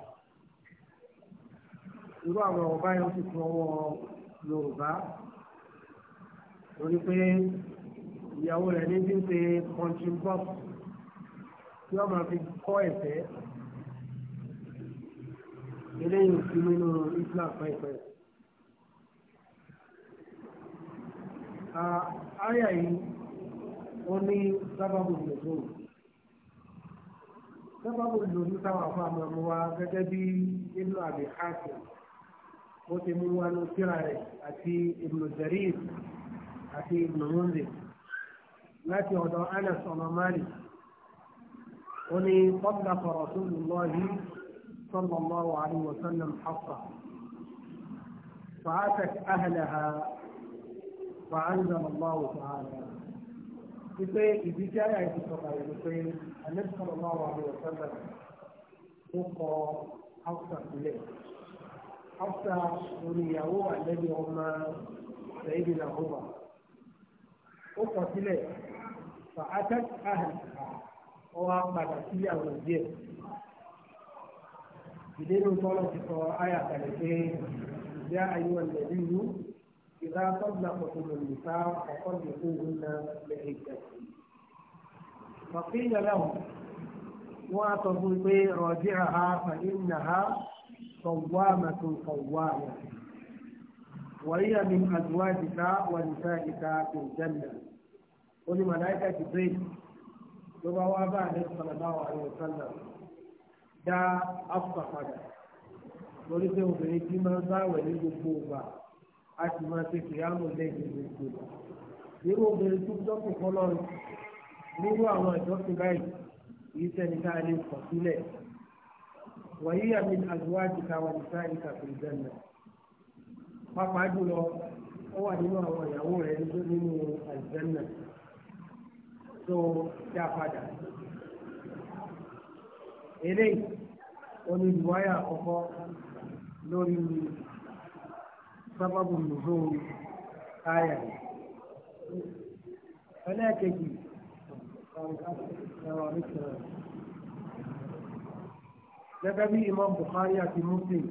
irú àwọn ọba yẹn ti fún ọwọ́ yorùbá torí pé ìyàwó rẹ̀ ní bí ń pe punching box tí wọ́n fi kọ́ ẹ̀fẹ́ eléyìí ò sí nínú islam pẹ́ẹ́pẹ́. àyà yìí ó ní sábàbù lòdùn sábàbù lòdùn táwọn afọ àmọ́ wa gẹ́gẹ́ bí inú àbí hàṣẹ ó ti mú wa ní síra rẹ̀ àti ibùdó jarir àti ibùdó múndì láti ọ̀dọ̀ anas ọmọ mali ó ní kọ́ńtà fọ̀rọ̀ tó lù lọ́yìí. صلى الله عليه وسلم حصرة فعاتك أهلها فعلم الله تعالى في في جاية النبي صلى الله عليه وسلم أخرى حصة إليه حصة ولي هو فأتت أهلها وأقبلت فيها ìdínú tọ́lọ́ ti sọ àyà kalẹ̀ pé ìyá ayé wọn lè rí yú ìdá tọ́gbà kòkòrò nìta ọ̀kọ́ lè kó òun náà lè hìjà. Fàfin yàrá wọn á sọ fún pé rọ̀jì àhá fàyín nàá صوامة صوامة وهي من أزواجك ونسائك في الجنة ولملائكة جبريل ló bá wá bá àlẹ́ sọ̀rọ̀ báwọn àlẹ́ dá afọ padà lórí pé obìnrin tí máa ń báwẹ̀ ní gbogbo ìgbà a sì máa ṣe kìyàmù lẹ́yìn gbogbo ìgbà nínú obìnrin tó dọ́kùn kọlọ́run nínú àwọn ìdọ́kùn báyìí kì í sẹ́ni tá a lè kọ̀ sílẹ̀ wọ̀nyí àmì àdúrádì káwọn ìta ìta fún ìjẹ́nà pápá jùlọ ó wà nínú àwọn ìyàwó rẹ̀ nínú àìjẹ́nà tó dá padà eléyìí onídùúwáyà àkọ́kọ́ lórí sábàbù nùzó àyà ẹlẹ́ẹ̀kejì gẹ́gẹ́ bí imam buhari àti muslim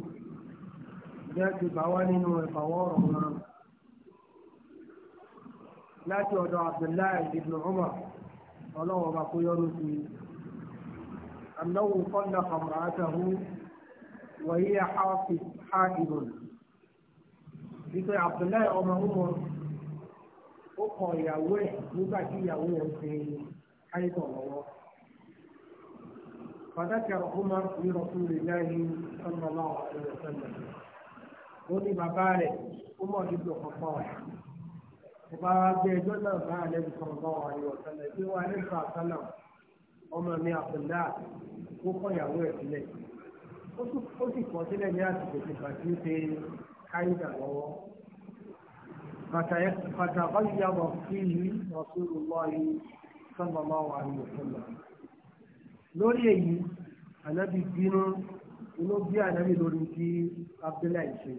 jẹ́ ti bá wá nínú ìfàwọ́ ọ̀rọ̀ wọn láti ọ̀dọ̀ abdullahi ibn umar ọlọ́wọ́ bá kó yọ́nu sí i. أنه طلق امرأته وهي حافظ حائض ìpè abdullahi ọmọ umar ó kọ ìyàwó ẹ nígbà tí ìyàwó ẹ ń ṣe àìsàn lọ́wọ́ pàtàkì umar ní rasulillahi sallallahu alayhi wa sallam ó ní bàbá rẹ umar ibùdó kọkọ rẹ ọba gbé ẹjọ́ náà bá alẹ́ bí sallallahu alayhi wa sallam ìpè wa alẹ́ bí sallam ọmọ mi àbùdá ó kọ́ ìyàwó ẹ̀ sílẹ̀ ó sì kọ́ sílẹ̀ ní àsìkò ìgbà tí ó ṣe káyídà lọ́wọ́. فتغير فيه رسول الله صلى الله عليه وسلم lórí èyí ànábì bínú inú bí ànábì lórí ti abdullahi ṣe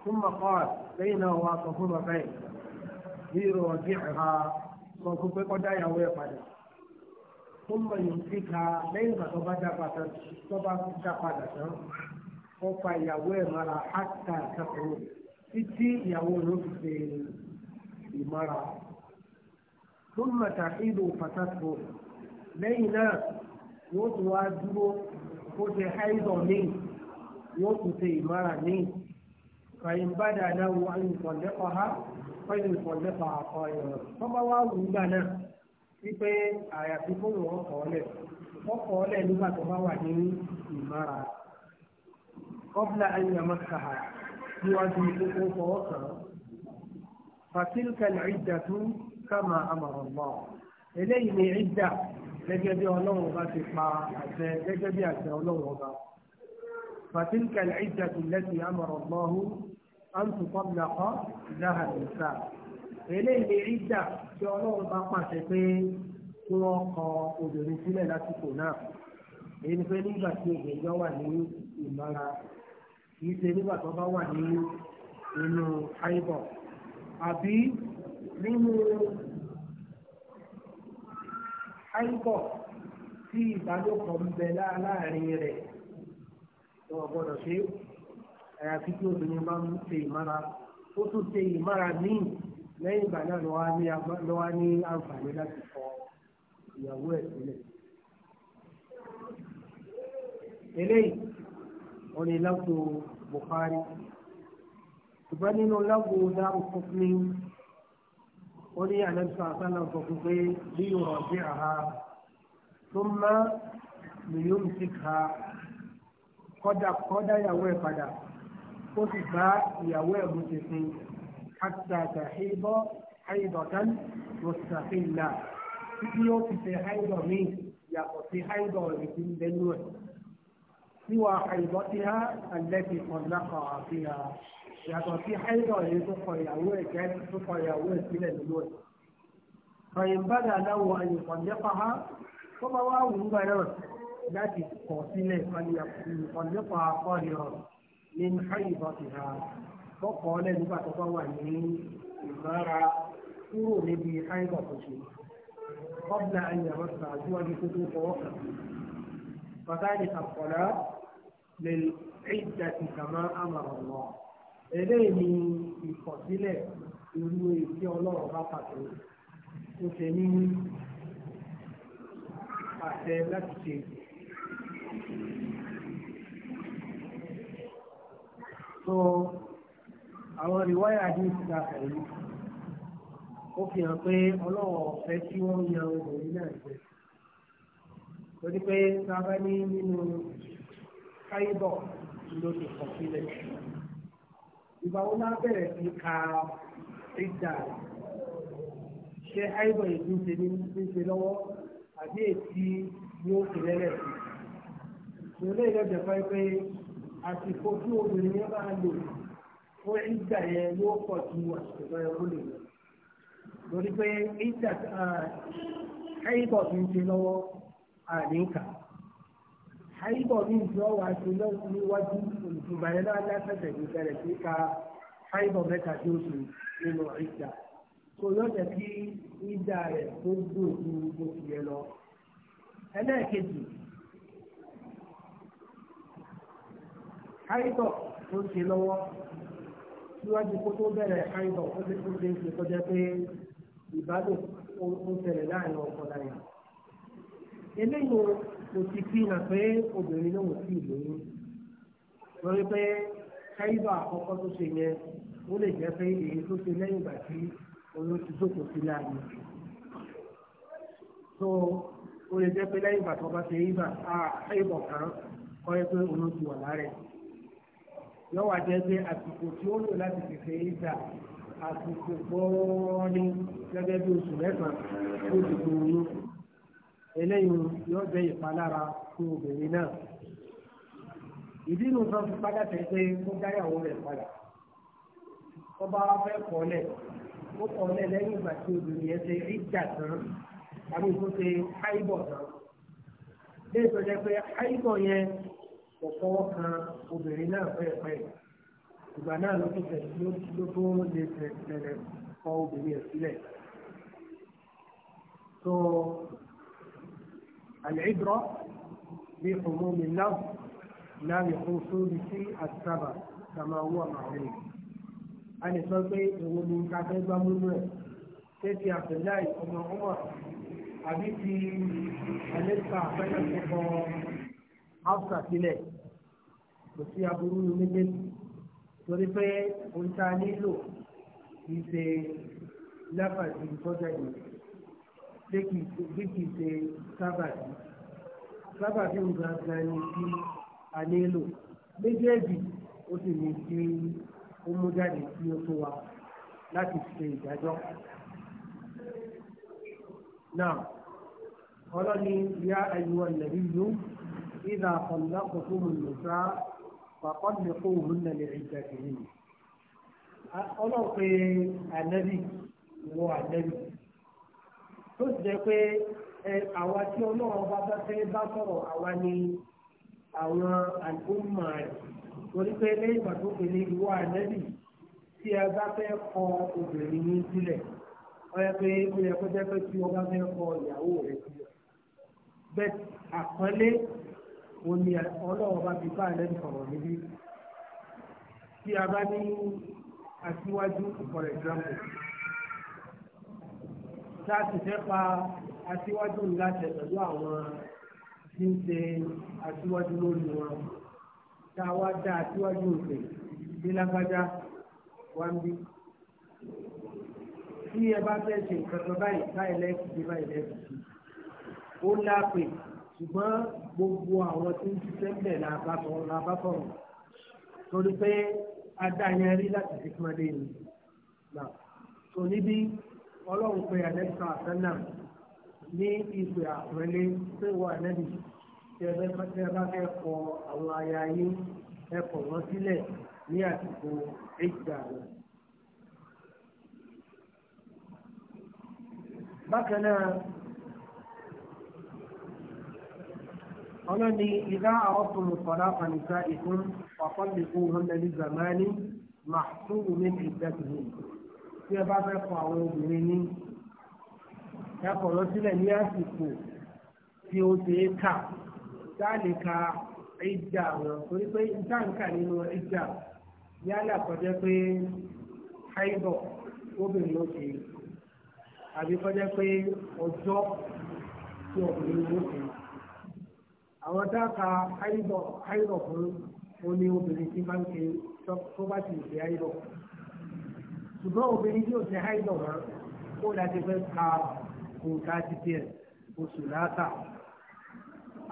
fún makar lẹ́yìn náà wà sọ fún bàbá ẹ̀ bí ìrọ̀ ọ̀dí ẹ̀ha sọ fún pé kọjá ìyàwó ẹ̀ padà tó mọ ìyọ̀nsí ka lẹ́yìn ìgbà tó bá dá padà tán ó fa ìyàwó ẹ̀ mara áta ìkẹ́kọ̀ọ́ títí ìyàwó ló fi ṣe ìmọ̀ra. tó mọ tàkìlù pàtàkì lẹ́yìn náà yóò tún wá dúró kó ṣe háìdọ̀ míì yóò tún ṣe ìmọ̀ra míì. fàyín bàdà náà wọ́n ń pọ̀ lẹ́kọ̀ọ́ ha fàyín pọ̀ lẹ́kọ̀ọ́ àkọ́yọ̀ tó bá wá wù ú gbà náà wípé àyàfi kó wọn kọ́ ọ lẹ̀ wọ́n kọ́ ọ lẹ̀ nígbà tó bá wà ní ìmára kọ́bla ayélujára kàhà níwájú kókó fọwọ́ kàn án fatilka ìdá tún kama amọ̀ràn mọ́ eléyìí ni ìdá gẹ́gẹ́ bí ọlọ́run ọba ti pa àṣẹ gẹ́gẹ́ bí àṣẹ ọlọ́run ọba fatilka ìdá lẹ́sìn amọ̀ràn mọ́ ọ́n tún kọ́bla kọ́ láhàlì eléyìí rí dà tí ọlọ́run bá pàṣẹ pé kí wọ́n kọ obìnrin sílẹ̀ lásìkò náà èyí ni pé nígbà tí obìnrin yọ wà ní ìmọ̀ra kì í ṣe nígbà tó bá wà ní inú àìbọ̀ àbí nínú àìbọ̀ tí ìbálòpọ̀ ń bẹ láàárín rẹ̀ tó o gbọ́dọ̀ ṣe àyàfi tí obìnrin bá ń ṣe ìmọ̀ra ó tún ṣe ìmọ̀ra míì lẹ́yìn ìgbà náà ló wá ní àǹfààní láti fọ ìyàwó ẹ̀ sílẹ̀. eléyìí wọn ni lágbo buhari ṣùgbọ́n nínú lágbo dáhù kọ́kúnmí ó ní àlẹ́sọ̀ àtàlà ọ̀gbọ̀n pé bí yóò rọ̀ bí àhá tó má lèyún sí ká kọ́dà kọ́dà ìyàwó ẹ̀ padà ó sì bá ìyàwó ẹ̀ mú ṣe حتى تحيض حيضة مستقلة تجيو في حيضة مين يقول في حيضة التي بنوه سوى حيضتها التي طلقها فيها يقول في حيضة التي تقياوه كانت تقياوه في النوه فإن بدا له أن يطلقها فما وعوه بنوه التي قاتله أن يطلقها طاهرا من حيضتها lọ́kọ̀ọ́ lẹ́nu bàtà bá wà ní ìmọ̀ra kúrò níbi áìbà tó ṣe ọ̀bùnà àyà wọn sà síwájú tó tó fọwọ́ kàn. fàtàlì àkọ́lá lè ẹ̀dà ti kàmá àmàrà lọ. eléyìí ni ìkọ̀sílẹ̀ irú etí ọlọ́run bá pàtó ó ṣe ní àṣẹ láti ṣe. So àwọn rìwáyà ní ìta pẹ̀lú ó fi hàn pé ọlọ́wọ́ ọ̀fẹ́ tí wọ́n yan obìnrin náà jẹ torí pé sábà ní nínú káyébọ̀ ló ti kọ̀ sílẹ̀ ìgbà wo náà bẹ̀rẹ̀ sí ka ìdá ṣe káyébọ̀ yìí ti ń ṣe ní ṣe lọ́wọ́ àbí èsì yóò ṣe lẹ́lẹ̀ sí i ìrọ̀lẹ́ pé àsìkò tí obìnrin yẹn máa lò fún ìgbà yẹn yóò pọ̀ ju àsìkò tó yẹ lè lọ. lórí pé ìgbà káyìbọ̀ tó ń ṣe lọ́wọ́ àdínkà káyìbọ̀ ní ìjọ wa ṣe lọ́wọ́ níwájú yẹn náà ní sí mẹ́ta tó ṣe nínú ìgbà. kò kí ìgbà rẹ̀ tó bó ti yẹ lọ. ẹlẹ́ẹ̀kejì tó ń ṣe lọ́wọ́. síwájú kó tó bẹ̀rẹ̀ àìbọ̀ ó ti kúndé ṣe kọjá pé ìbádò ó tẹ̀lẹ̀ láàrin ọkọ̀ láyà. eléyìí kò ti fi hàn pé obìnrin náà ò sí ìlóyún lórí pé àìbọ̀ àkọ́kọ́ tó ṣe yẹn ó lè jẹ́ pé èyí tó ṣe lẹ́yìn ìgbà tí oyún ti jókòó sí láàrin. so ó lè jẹ́ pé lẹ́yìn ìgbà tó bá ṣe àìbọ̀ kan kọ́ ẹ pé oyún ti wà láàrẹ̀ yóò wá jẹ́ pé àsìkò tí ó lò láti fèsè ìgbà àsìkò gbọ́ọ́ ní gẹ́gẹ́ bí oṣù mẹ́sàn-án oṣù tó ń lò eléyìí yóò jẹ́ ìpalára fún obìnrin náà ìdí inú sọ fún padà tẹ pé kó dáyàwó rẹ̀ padà kó bá wá fẹ́ kọ́lẹ̀ kó kọ́lẹ̀ lẹ́yìn ìgbà tí obìnrin yẹn ṣe ìjà tán àbí kó ṣe áìbọ̀ tán. bí èso pé áìbọ̀ yẹn kò fọwọ́ kan obìnrin náà pẹ́ẹ́pẹ́ ìgbà náà ló tó lè tẹ̀lẹ̀ kọ obìnrin ẹ̀ sílẹ̀. so àlẹ́dọ́ bí ọmọ mi náà láàrin fún sórí sí àtàbà kàmá owó àmàlẹ́ a lè sọ pé èwo ni ká fẹ́ gbá múnú ẹ̀ ṣé ti àfẹ́láì ọmọ ọmọ àbí ti ẹlẹ́ta àfẹ́lẹ́ kọ́kọ́ áfíà sílẹ̀ kò sí aburú ní méjèèjì torí pé ohun tá a nílò kì í ṣe lábàdì ìtọ́jà yìí pé bí kì í ṣe sábàdì sábàdì nǹkan gan ni tí a nílò méjèèjì ó sì ní kí ó mú jáde tí ó tó wa láti ṣe ìdájọ́. Náà ọlọ́ni ya ayọ̀ nàbí yó ìdá ọ̀nà kòkòrò nìkan. فطلقوهن لعدتهن ọlọ́run pé ànábì wọ ànábì tó sì jẹ́ pé àwa tí ọlọ́run bá bá fẹ́ bá sọ̀rọ̀ àwa ni àwọn àlùmọ̀ rẹ̀ torí pé lẹ́yìn ìgbà tó pè ní ìwọ ànábì tí a bá fẹ́ kọ obìnrin ní sílẹ̀ ó yẹ pé ó yẹ kó jẹ́ pé tí o bá fẹ́ kọ ìyàwó rẹ̀ sílẹ̀ bẹ́ẹ̀ àpọ́nlé òun ni ọlọ́run bá fi bá ẹlẹ́ni sọ̀rọ̀ níbí tí a bá ní aṣíwájú for example tá a sì fẹ́ pa aṣíwájú ńlá tẹ̀ pẹ̀lú àwọn tí ń ṣe aṣíwájú lórí wọn tá a wá dá aṣíwájú òkè bí lágbájá wá ń bí tí ẹ bá fẹ́ ṣe nǹkan kan báyìí báyìí lẹ́ẹ̀kì sí báyìí lẹ́ẹ̀kì sí ó lápè ṣùgbọ́n gbogbo àwọn tí ń ṣiṣẹ́ bẹ̀ làbá sọ̀rọ̀ torí pé adáyẹn rí láti fi pọn lé ní. tó níbí ọlọ́run pé àdẹ́sán àtẹ́nà ní ìpè àpẹẹlẹ pé wọ ànẹ́bì tí ẹ bá fẹ́ kọ àwọn aya yín ẹ kọ̀ wọ́n sílẹ̀ ní àsìkò ìgbà rẹ̀. bákan náà. ọlọ́ni ìdá àrọ́tún ìfọ̀lá ànìkà ìkún ọ̀pọ̀lẹ̀kù hànàlí zamani màtúwù ní ìdẹ́kùnú tí ẹ bá fẹ́ kọ àwọn obìnrin ní ẹ kọ̀ lọ sílẹ̀ ní àsìkò tí ó ṣe é kà tá a lè ka ìjà wọn torí pé ìtànkà nínú ìjà yálà kọjá pé haibọ obìnrin ló ṣe àbí kọjá pé ọjọ́ tí obìnrin ló ṣe àwọn tá a ka àìrọ̀ àìrọ̀ fún wọn ni obìnrin tí máa ń ṣe tó bá ti ṣe àìrọ̀ ṣùgbọ́n obìnrin tí ò ṣe àìrọ̀ mọ́ kó láti fẹ́ ka nǹkan ti tiẹ̀ oṣù láàtà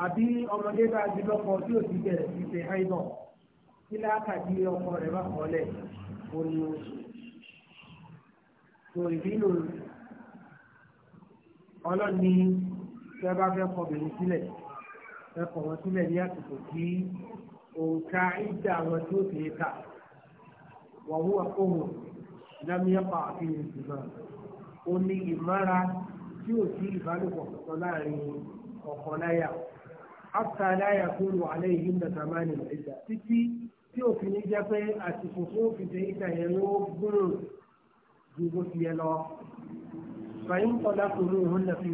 àbí ọmọdé bá di lọ́kọ tí ò ti bẹ̀rẹ̀ sí ṣe àìrọ̀ tí láàtà di ọkọ rẹ̀ bá kọ́ lẹ̀ ó ní oṣù tó ìbínú ọlọ́ni tẹ́ bá fẹ́ kọbìnrin sílẹ̀ ẹkọ̀ wọn sílẹ̀ ní àsìkò tí òǹkà ìdá wọn tí ó fi kà wọ́n wú akóhùn lámìyàpá àti ìgbìmọ̀ ó ní ìmára tí ò sí ìbálòpọ̀ kankan láàrin ọ̀kan láyà áfíà láyà kúrò alẹ́ yìí nàta máa nìyà ìjà títí tí òfin ní jẹ́ pé àsìkò tó fi ṣe ìjà yẹn ló gbòòrò ju bó ti yẹ lọ. fàyín kọ́lá kúrò òun nà fi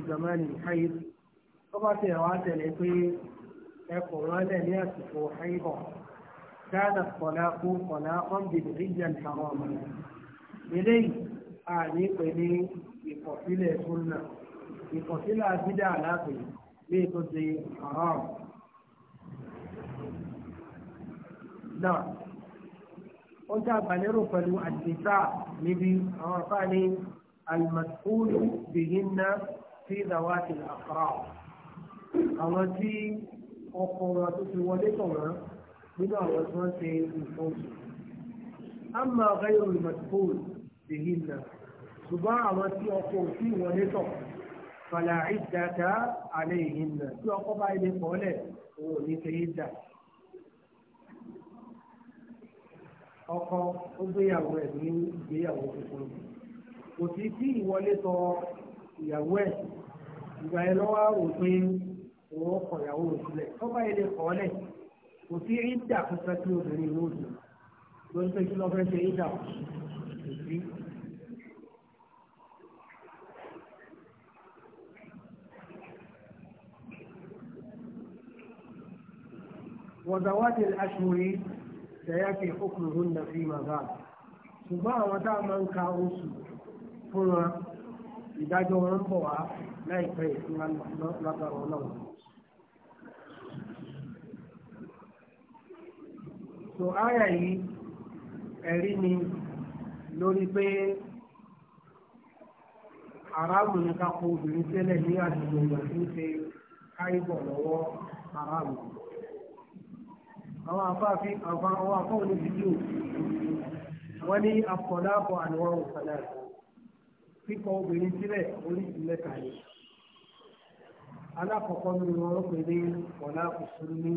káyé tó bá tẹ̀ wá tẹ̀lé pé أقرآن ياسف حيضا كان الطلاق طلاقا بدعيا حراما إليه أعني قلي يقتل سنة يقتل بدع قلي ليقضي حرام لا نعم. قلت أبالر فلو الدفاع لبي أعطاني المسؤول بهن في ذوات الأقراض أو ọkọ wọn tó ti wọlé tọ̀ wọ́n nínú àwọn tí wọ́n ṣe nǹkan oṣù. a máa gáyọ̀ olùmọ̀tòkòrò èyí nà ṣùgbọ́n àwọn tí ọkọ òfin wọlé tọ̀ fàlà ìdàkà àlẹ́ èyí nà tí ọkọ bá ilé kọ́lẹ̀ òun ò ní ṣe é dà. ọkọ ó gbéyàwó ẹ̀ ní ìgbéyàwó tuntun kò sí sí ìwọlé tọ ìyàwó ẹ̀ ìgbà yẹn lọ́wọ́ rò òun ọkọ ìyàwó rẹ̀ sílẹ̀ tọ́ba ilé kọ́lẹ̀ kò sí ìdà kankan tí obìnrin yóò dùn lórí pé kí lọ́ fẹ́ ṣe ìdà kò sí. وذوات الأشهر سيأتي حكمهن فيما بعد ṣùgbọ́n àwọn tá a máa ń ka oṣù fún wọn ìdájọ́ wọn ń bọ̀ wá láìpẹ́ ìfúnra lọ́gbàrọ̀ náà. so àyà yìí ẹ̀rí ni lórí pé aráàlú ni ká kó obìnrin tẹ́lẹ̀ ní àdúgbò ìgbà tí ń ṣe káyìbọ̀ lọ́wọ́ aráàlú. àwọn afáàfin àwọn afọ́ ní fídíò wọ́n ní afọ̀láàbọ̀ àníwọ̀n òkàlà kíkọ obìnrin sílẹ̀ oríṣi mẹ́ta ni. alákọ̀ọ́kọ́ ni wọ́n ní òṣèlú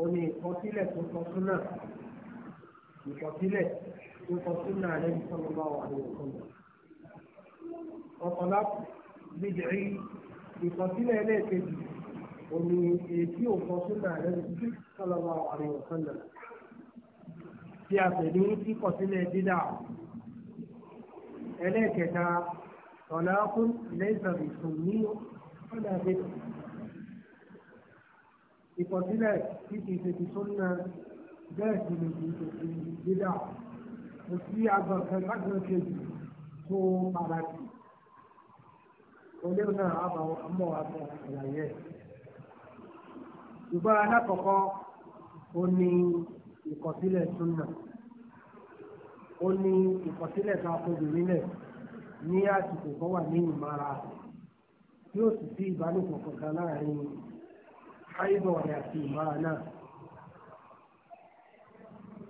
ó ní ìkọsílẹ̀ tó sọ súnà ìkọsílẹ̀ tó sọ súnà rẹ̀ ní sọ́nùbá wà ní òkú mi. ọ̀pọ̀lá bíjìrì ìkọsílẹ̀ ẹlẹ́ẹ̀kejì ó ní èyí ò sọ súnà rẹ̀ ní sọ́nùbá wà ní òkú mi. tí a pè ní kíkọsílẹ̀ dídà ẹlẹ́ẹ̀kẹta ọ̀làkùn lẹ́sàbì sùn ní ọ̀dà ìkọsílẹ̀ tí kì í ṣe ti sọ́nà bẹ́ẹ̀ sì ni kì í ṣe ti dídà kò sí agbọ̀nkẹ́ lágbọ̀n kejì tó padà sí. olóyún náà á bá mọ̀ wá fún àlàyé ẹ̀. ṣùgbọ́n alákọ̀ọ́kọ́ ó ní ìkọsílẹ̀ sọ́nà ó ní ìkọsílẹ̀ ká obìnrin lẹ̀ ní àsìkò kan wà ní ìmọ̀ra tí ó sì sí ìbálòpọ̀ kankan láàárín áìbọ̀ rẹ̀ àti a náà.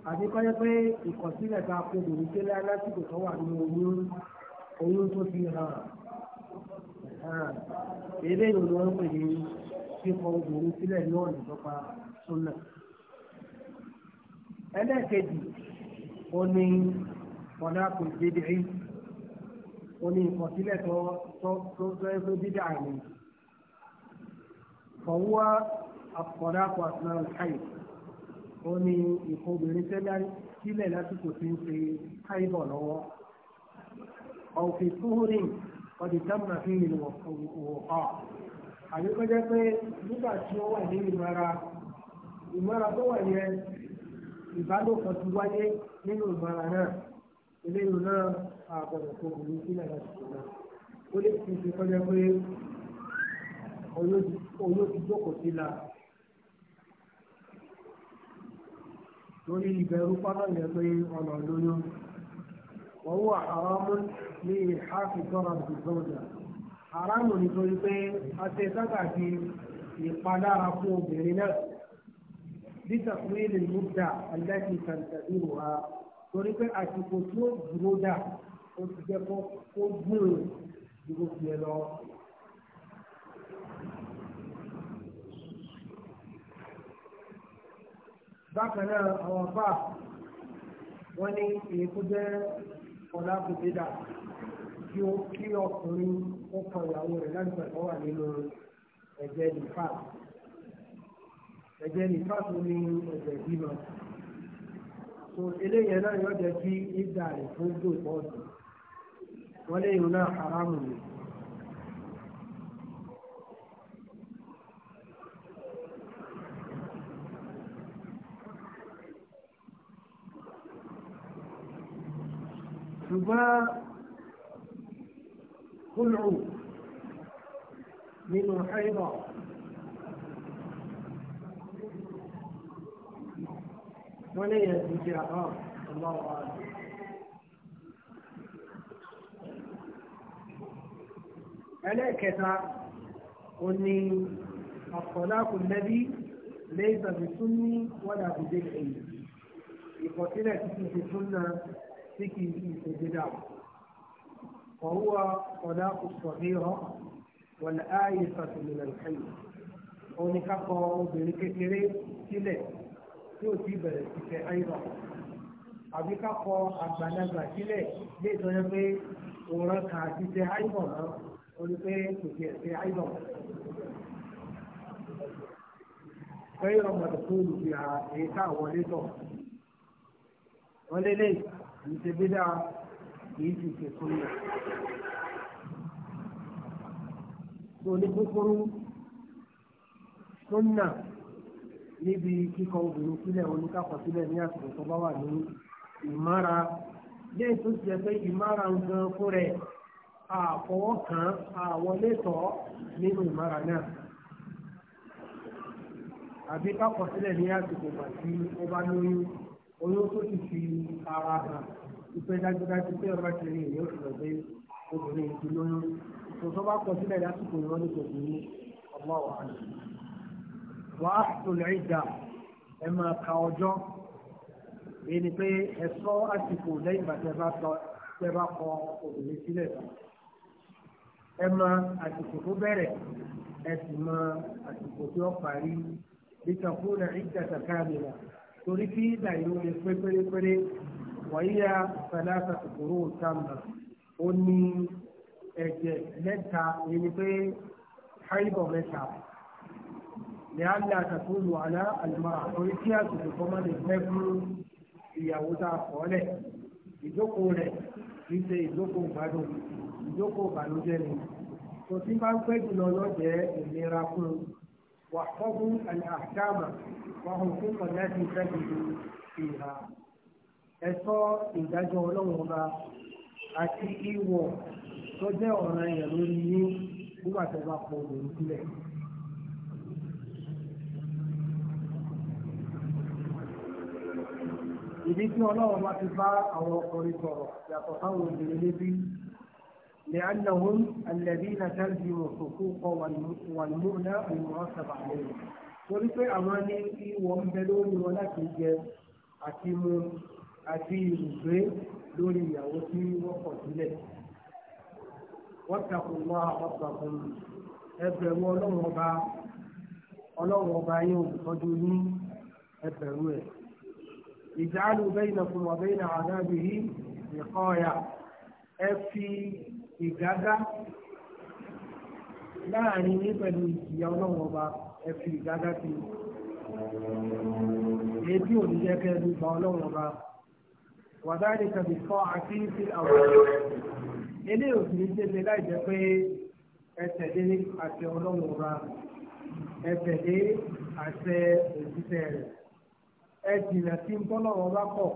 àti kọ́ yẹ pé ìkọ̀sílẹ̀ ta kó lòun tó alásìkò tó wà nínú oyún oyún tó fi hàn èdè yìí ni wọ́n pè ní fífọ obìnrin sílẹ̀ ní ọ̀nà ìjọba súnà. ẹlẹ́ẹ̀kejì ó ní ọ̀dà kò dédé ó ní fọwọ́ àkọ́dákọ̀ àtúnáà káyì ó ní ìkọ́ obìnrin tẹ́lá sílẹ̀ lásìkò tí ń ṣe káyìbọ̀ lọ́wọ́ ọ̀fìn túhúrìn ọdí dámà fi ìlú ọ̀pọ̀ àbíkọ́jẹ́ pé nígbà tí ó wà ní ìmọ̀ra ìmọ̀ra tó wà yẹn ìbálòpọ̀ ti wáyé nínú ìmọ̀ra náà eléyìí náà àgbọ̀dọ̀ tó òun sílẹ̀ lásìkò náà ó lè fi ìfikọ́jẹ́ pé olóòtú jókòó sí la lórí ìbẹ̀rù pátá yẹn pé ọ̀nà lóyún wọ́n wà àrámú ní ìhàfi tọ́ra bùsọ̀dà àrámù nítorí pé àti sákàtì ìpalára fún obìnrin náà bísàkúrẹ́ lè mú dà aláìsí tàǹtàbí wà torí pé àsìkò tí ó dúró dà ó ti jẹ́ kó gbòòrò dúró fi ẹ lọ. bákan náà àwọn bá wọn ní èékú jẹ́ ọ̀làbùdídà kí ó kí ọkùnrin ó kan ìyàwó rẹ̀ láti pẹ̀lú wà nínú ẹ̀jẹ̀ nìfàs ẹ̀jẹ̀ nìfàs ní ẹ̀jẹ̀ bímọ so eléyẹn náà yóò kí ìdá rẹ̀ fún gbòòtọ́ọ̀sì wọ́n léyìn náà haramu nìyẹn. ṣùgbọ́n kúlù nínú ẹ̀rọ wọ́n lè yẹ ti ṣe àwọn ọlọ́wọ́ àti. ẹlẹ́ẹ̀kẹta ó ní ọ̀pọ̀láàkù lẹ́bí lẹ́yìn tàbí tún wọ́n dàbí dé èyí ìkọ̀sílẹ̀ títí ti tún náà tí kì í fi ìṣègbè dàrú. وهو طلاق الصغيرة والآيسة من الحي òun ni ká kọ obìnrin kékeré sílẹ̀ tí ò ti bẹ̀rẹ̀ ṣiṣẹ́ àìrọ̀ àbí ká kọ àgbàlagbà sílẹ̀ lè tọ́jú pé òun kà á ṣiṣẹ́ àìrọ̀ náà ó ní pé kò tiẹ̀ ṣe àìrọ̀. pé ọmọdé tó lù èyí tá àwọn létọ̀ wọ́n lélẹ̀ kìí ṣe bídà kìí sì ṣe súnmọ́. tó ní kúkúrú súnmọ́ níbi kíkọ obìnrin sílẹ̀ oníkàkọsílẹ̀ ní àsìkò tó bá wà ní ìmára léè tó ti jẹ pé ìmára ń gan fún rẹ̀ àfọwọ́ kan àwọlé tọ́ nínú ìmára náà àbí kákọsílẹ̀ ní àsìkò gbà ó bá lóyún oyún tó ti fi ara hàn ìfẹ́ dájúdájú pé ọba kiri èyí ó sọ̀rọ̀ pé obìnrin ti lóyún ìtòsọ́ bá kọ sílẹ̀ lásìkò ìwọ́n ní kò ní ọmọ wa ni. wàá tòlẹ̀ ìjà ẹ máa ka ọjọ́ èyí ni pé ẹ àsìkò lẹ́yìn ìgbà tẹ bá kọ obìnrin sílẹ̀ ẹ máa àsìkò tó bẹ̀rẹ̀ ẹ sì máa àsìkò tó parí bí kakúrò ìjà kàkàmìlà torí kí ìdà yìí lè pé pérépéré wàyíyá sàlásà kòkòrò tàmbà ó ní ẹ̀jẹ̀ mẹ́ta ẹni pé háìbọ̀ mẹ́ta ní àlá àtàkùnlù àlá àlùmọ́ra torí kí àsìkò kọ́mọ́ lè pẹ́ fún ìyàwó tá a kọ́ lẹ̀ ìjókòó rẹ̀ kì í ṣe ìjókòó gbádùn ìjókòó bàlújẹ́ ni tòtí bá ń pẹ́ jùlọ lọ́jẹ́ ìlera fún un. واحفظوا الأحكام وحقوق التي تجد فيها ẹ̀tọ́ ìdájọ́ ọlọ́run ọba àti ìwọ̀ tó jẹ́ ọ̀ràn èèyàn lórí yín nígbà tó bá pọ̀ lòún ìdí tí ọlọ́run bá ti bá àwọn ọkùnrin sọrọ yàtọ̀ sáwọn obìnrin لأنهم الذين تلزم الحقوق والمؤنى المرتب عليهم torí pé àwọn ní kí wọ́n bẹ lórí wọn láti jẹ àti mu àti ìrùgbé lórí ìyàwó tí wọ́n kọ̀ sílẹ̀. wọ́n takùn wá ọ̀pọ̀lọpọ̀ ẹgbẹ̀rún ọlọ́run ọba ọlọ́run ọba yín olùtọ́jú ní ẹgbẹ̀rún ẹ̀. ìdáàlú bẹ́ẹ̀ nàkùnmọ̀ bẹ́ẹ̀ nà àdábìyí nìkan ọ̀yà ẹ fi ìgágá láàrin ní pẹ̀lú ìjìyà ọlọ́run ọba ẹ fi ìgágá sí i èyí tí ò ní jẹ́ kẹ́ ẹnu gba ọlọ́run ọba wàdáàdì kàbí fọ́ àti sí àwọn eléyìí ò sì ní jẹ́ láì jẹ́ pé ẹ tẹ̀lé àti ọlọ́run ọba ẹ tẹ̀lé àṣẹ òṣìṣẹ́ rẹ̀ ẹ jìnà sí bọ́lọ́wọ́ bá pọ̀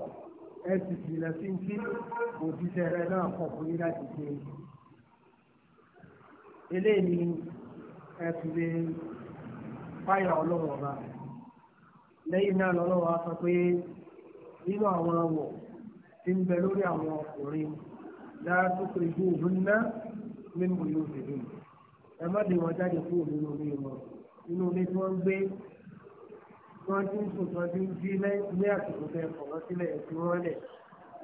ẹ sì jìnà sí tí òṣìṣẹ́ rẹ̀ náà pọ̀ fún yín láti ṣe eléyìí ni ẹ fi lè fáyà ọlọ́run ọba lẹ́yìn náà lọ́lọ́run á sọ pé nínú àwọn àwọ̀ tí ń bẹ lórí àwọn ọkùnrin láàtúkọ̀ ìjú òhun náà nínú ìlú òṣèlú ẹ má lè wọn jáde kúrò nínú ilé wọn nínú ilé tí wọ́n ń gbé tí wọ́n ti ń sùn tí wọ́n ti ń jí ní àsìkò tẹ ọ̀rọ̀ sílẹ̀ ẹ̀sìn wọn lẹ̀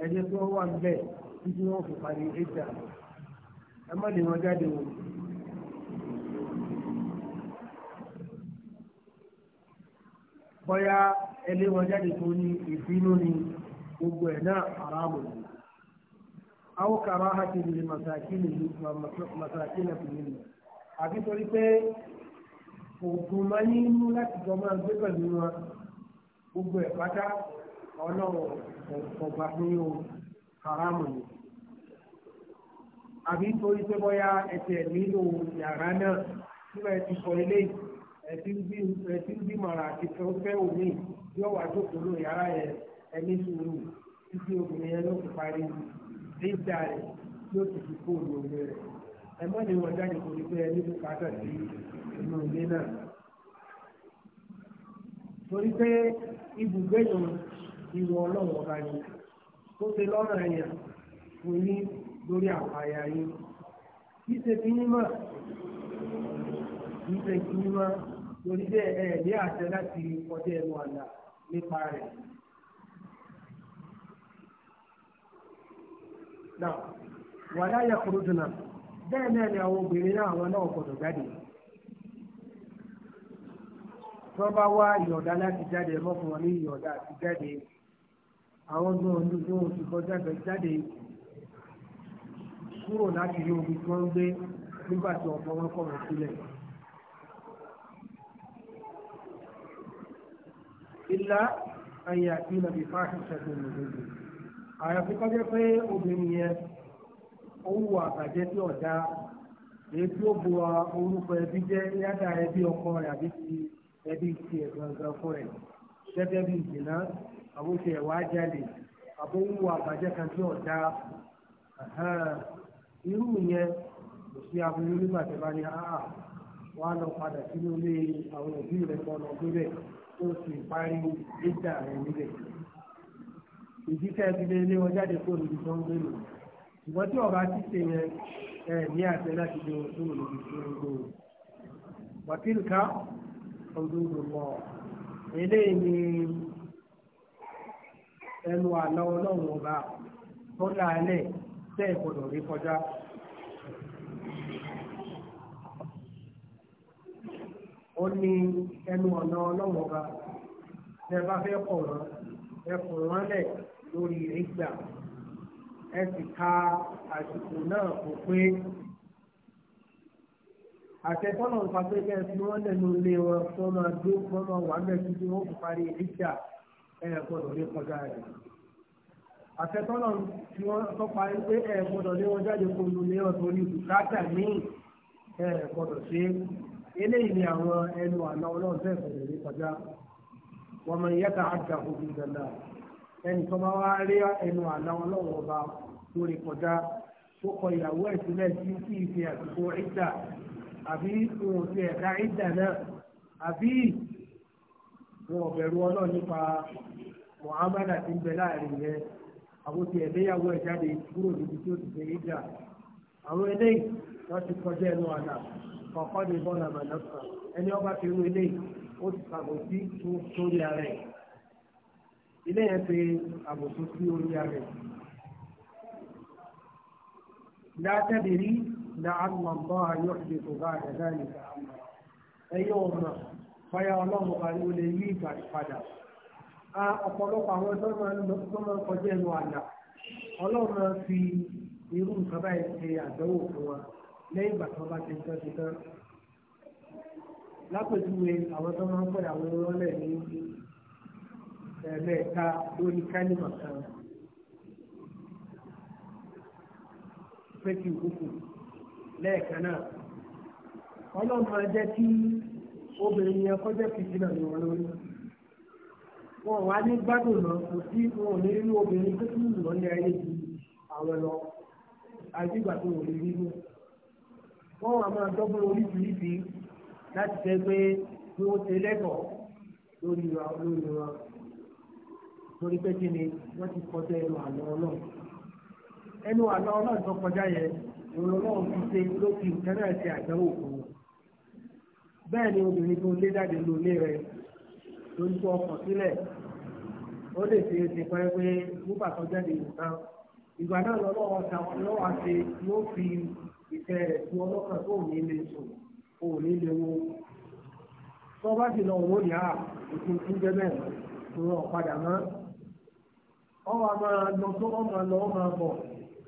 ẹ̀jẹ̀ tí wọ́n wà níbẹ̀ títí wọ́n fi parí ìjà ẹ má lè wọn jáde wọn. bọ́yá ẹlẹ́wọ̀n jáde tó ní ìbínú ni gbogbo ẹ̀ náà aráàmù ni. àwọn kàrá àti ìlú masakini masakini fìlẹ̀ ni àbí torí pé oògùn máa ní inú láti jọ máa gbé pẹ̀lú wọn gbogbo ẹ̀ pátá ọlọ́wọ̀ ọ̀gbà fún yóò haramu ni. àbí torí pé bọ́yá ẹsẹ̀ nílò yàrá náà nígbà tí kọ ilé ẹtí ń bímọ̀ràn àti fẹ́ omi yóò wá jókòó ló yàrá yẹn ẹni sùúrù títí obìnrin yẹn ló fi parí dídá rẹ̀ yóò ti fi kóòlù omi rẹ̀ ẹ mọ́ ni wọ́n jáde kò ní pé ẹni tó pàtó sí inú ilé náà. torí pé ibùgbé yòó ìwọ ọlọ́run ọba yìí tó ṣe lọ́nà ẹ̀yà fún yín lórí àpáyà yín. kí ṣe fi yín mọ̀ kí ṣe fi yín mọ̀. lórí bẹ́ẹ̀ ẹ ní àṣẹ láti kọjá ẹnu àlà nípa rẹ̀. náà wàlá kúrú dùnà bẹ́ẹ̀ náà ni àwọn obìnrin náà àwọn náà gbọ́dọ̀ jáde. tí wọ́n bá wá ìyọ̀dá láti jáde mọ́kùn wọn ní ìyọ̀dá àti jáde àwọn ọdún ọdún ti kọjá jáde kúrò láti yọ omi tí wọ́n ń gbé nígbà tí ọ̀pọ̀ wọn ilá ayé àti ìnàbí fáṣíṣẹ́ tó lò lóde àyàfi kọjá pé obìnrin yẹn ó wù àbàjẹ́ tí ọ̀dà èyí tí ó bu orúkọ ẹbí jẹ́ yàtà ẹbí ọkọ rẹ̀ àbí ti ẹbí ti ẹ̀gbọ̀ngàn fún rẹ̀ gẹ́gẹ́ bí ìdènà àbóṣe ẹ̀wà jáde àbówù àbàjẹ́ kan tí ọ̀dà irú yẹn kò sí aburú nígbà tí wọ́n á lọ padà sínú ilé àwọn òbí rẹ̀ kọ́ lọ gbé bẹ́ẹ̀ ó sì parí ìjà rẹ̀ níbẹ̀. ìdí kẹ́ẹ̀bí lé lé wọn jáde kúrò níbi tó ń gbé lò. ṣùgbọ́n tí ọba ti ṣe yẹn ẹ ní àṣẹ láti lé wọn kúrò níbi tó ń gbé lò. wàkìlìkà ọdún lọ eléyìí ni ẹnu àlọ́ ọlọ́run ọba tó láàlẹ̀ tẹ́ ìgbọ̀dọ̀ rí kọjá. ó ní ẹnu ọ̀nà ọlọ́wọ́n ọba ẹ bá fẹ́ kọ̀ wọ́n ẹ kọ̀ wọ́n lẹ̀ lórí ìgbà ẹ sì ka àsìkò náà kò pé àtẹ̀tọ́nà ń pàṣẹ kẹ́ ẹ fi wọ́n lẹ́nu ilé wọn tó máa dó wọ́n máa wà mẹ́sì tí wọ́n kò parí ìgbà ẹ gbọ́dọ̀ lé kọjá rẹ̀ àtẹ̀tọ́nà tí wọ́n tó parí pé ẹ gbọ́dọ̀ lé wọn jáde kó lu lé wọn torí bùkátà míì ẹ gbọ́dọ̀ ṣe é eléyìí ni àwọn ẹnu àná ọlọ́run fẹ́ fẹ̀rẹ̀ rí kọjá wọn mọ ìyá tá a dà kó fi dandan ẹnì tó bá wá rí ẹnu àná ọlọ́run ọba tó rí kọjá tó kọ ìyàwó ẹ̀ sílẹ̀ sí sí ìfi àsìkò ìdà àbí òun ti ẹ̀ka ìdà náà àbí wọn ò ọlọ́run nípa mọ̀hámádà ti ń bẹ láàrin àwọn ti ẹ̀dẹ́yàwó ẹ̀ kúrò níbi tí ó ti ṣe ìdà àwọn eléyìí wọ́n ti kọjá ẹnu àná kọ̀ọ̀kọ́ ní bọ́ọ̀lù àmàlọ́sọ̀ ẹni ọba ti rú ilé ó ti ṣàbòsí sórí ara ẹ̀ ilé yẹn ti àbòsí sí orí ara ẹ̀. látẹ̀bìrí làálùmọ̀ bọ́ ayọ́ ìdìbò bá àdàdà nìkan ẹ yóò mọ̀ fọyà ọlọ́run kan ló lè yí ìgbà padà ọ̀pọ̀lọpọ̀ àwọn tó máa ń kọjá ẹnu àlà ọlọ́run máa fi irú nǹkan báyìí ṣe àdánwò fún wa lẹ́yìn ìgbà tí wọ́n bá ti tán ti tán. lápèjúwe àwọn tó máa ń pẹ̀lú àwọn ìrọ́lẹ̀ ní ẹ̀ẹ́mẹ́ta lórí kánìmọ̀ kan pẹ́kì òkùnkùn lẹ́ẹ̀kan náà ọlọ́run máa jẹ́ kí obìnrin yẹn kọjá fìdílà ní wọn lórí wọn wá ní gbádùn lọ kò sí wọn ò ní nínú obìnrin tó tún lù ọ́ ní ayé ju àwọn lọ àdìgbà tó wọlé nínú wọ́n wà máa dọ́gbọ́n oríṣiríṣi láti jẹ́ pé kí wọ́n ṣe lẹ́kọ̀ọ́ lórí wa lórí wa torí pé kí ni wọ́n ti kọjá ẹnu àlọ́ ọlọ́run ẹnu àlọ́ ọlọ́run tó kọjá yẹn ìrọ̀lọ́run ti ṣe ló fi nǹkan náà ṣe àdánwò fún wọn bẹ́ẹ̀ ni obìnrin tó lé jáde ló lé rẹ tó ń tó ọkàn sílẹ̀ ó lè ṣe é ṣe pẹ́ pé nígbà tó jáde nìkan ìgbà náà lọ́wọ́ ta lọ́wọ́ ṣe ló fi ìfẹ́ rẹ̀ fún ọlọ́kàn tó ní ilé sùn ní ilé wo tó bá sì lọ ní à padà mọ́ a máa lọ tó wọ́n máa lọ wọ́n máa bọ̀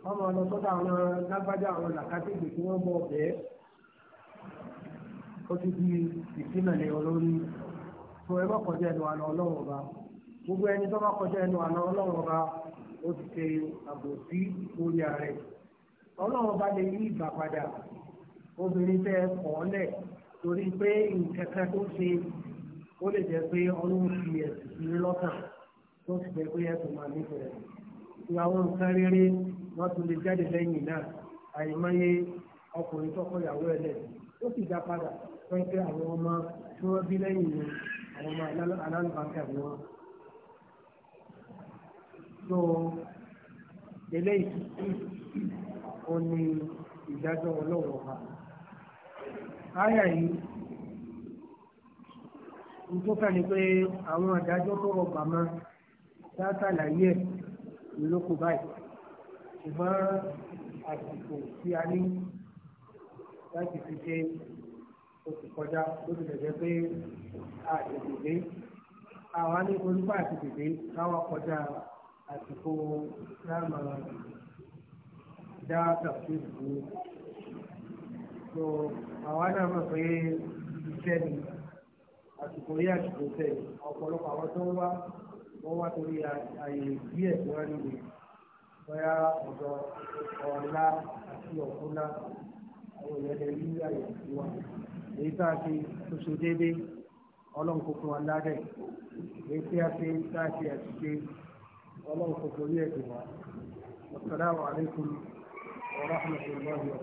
wọ́n máa lọ sọ́dọ̀ àwọn lágbájá àwọn làkàtìgbè wọ́n bọ̀ bẹ́ẹ̀ ọlọ́run bá lè yí ìgbà padà obìnrin tẹ kọ́ lẹ̀ torí pé nǹkan kan tó ṣe ó lè jẹ́ pé ọlọ́run fi ẹ̀sìn sí i lọ́kàn tó sì jẹ́ ẹ̀sùn máa nífẹ̀ẹ́ ìwà àwọn nǹkan rere wọ́n tún lè jáde lẹ́yìn náà àìmọye ọkùnrin tọkọ ẹ̀ lẹ̀ ó sì dá padà pé àwọn ọmọ tí wọ́n bí lẹ́yìn ni àwọn ọmọ alálùbáńkà ni wọ́n. so eléyìí ó ní ìdájọ́ ọlọ́run ọba. Áyà yìí ń tó kà ní pé àwọn àdájọ́ tó rọgbà mọ́ látàlàyé ẹ̀ lóko báyìí. Ṣùgbọ́n àsìkò tí a ní láti fi ṣe oṣù kọjá ló ti dẹ̀dẹ̀ pé àtètè dé. Àwa ní olúkọ àti tètè kọjá àsìkò náà máa rìn dáàtà tó dùn so àwa náà mọ̀ pé iṣẹ́ ni àsìkò yí àsìkò tẹ̀ ọ̀pọ̀lọpọ̀ àwọn tó ń wá wọ́n wá torí àyè díẹ̀ tí wọ́n nílò bóyá ọ̀dọ̀ ọ̀la àti ọ̀kúnlá àwọn èèyàn lè rí àyè tí wọ́n èyí tá a ṣe tó ṣe déédéé ọlọ́run kò fún wa ládẹ̀ èyí tí a ṣe tá a ṣe àṣìṣe ọlọ́run kò fún orí ẹ̀dùn wa. Assalamu alaikum. ورحمة الله وبركاته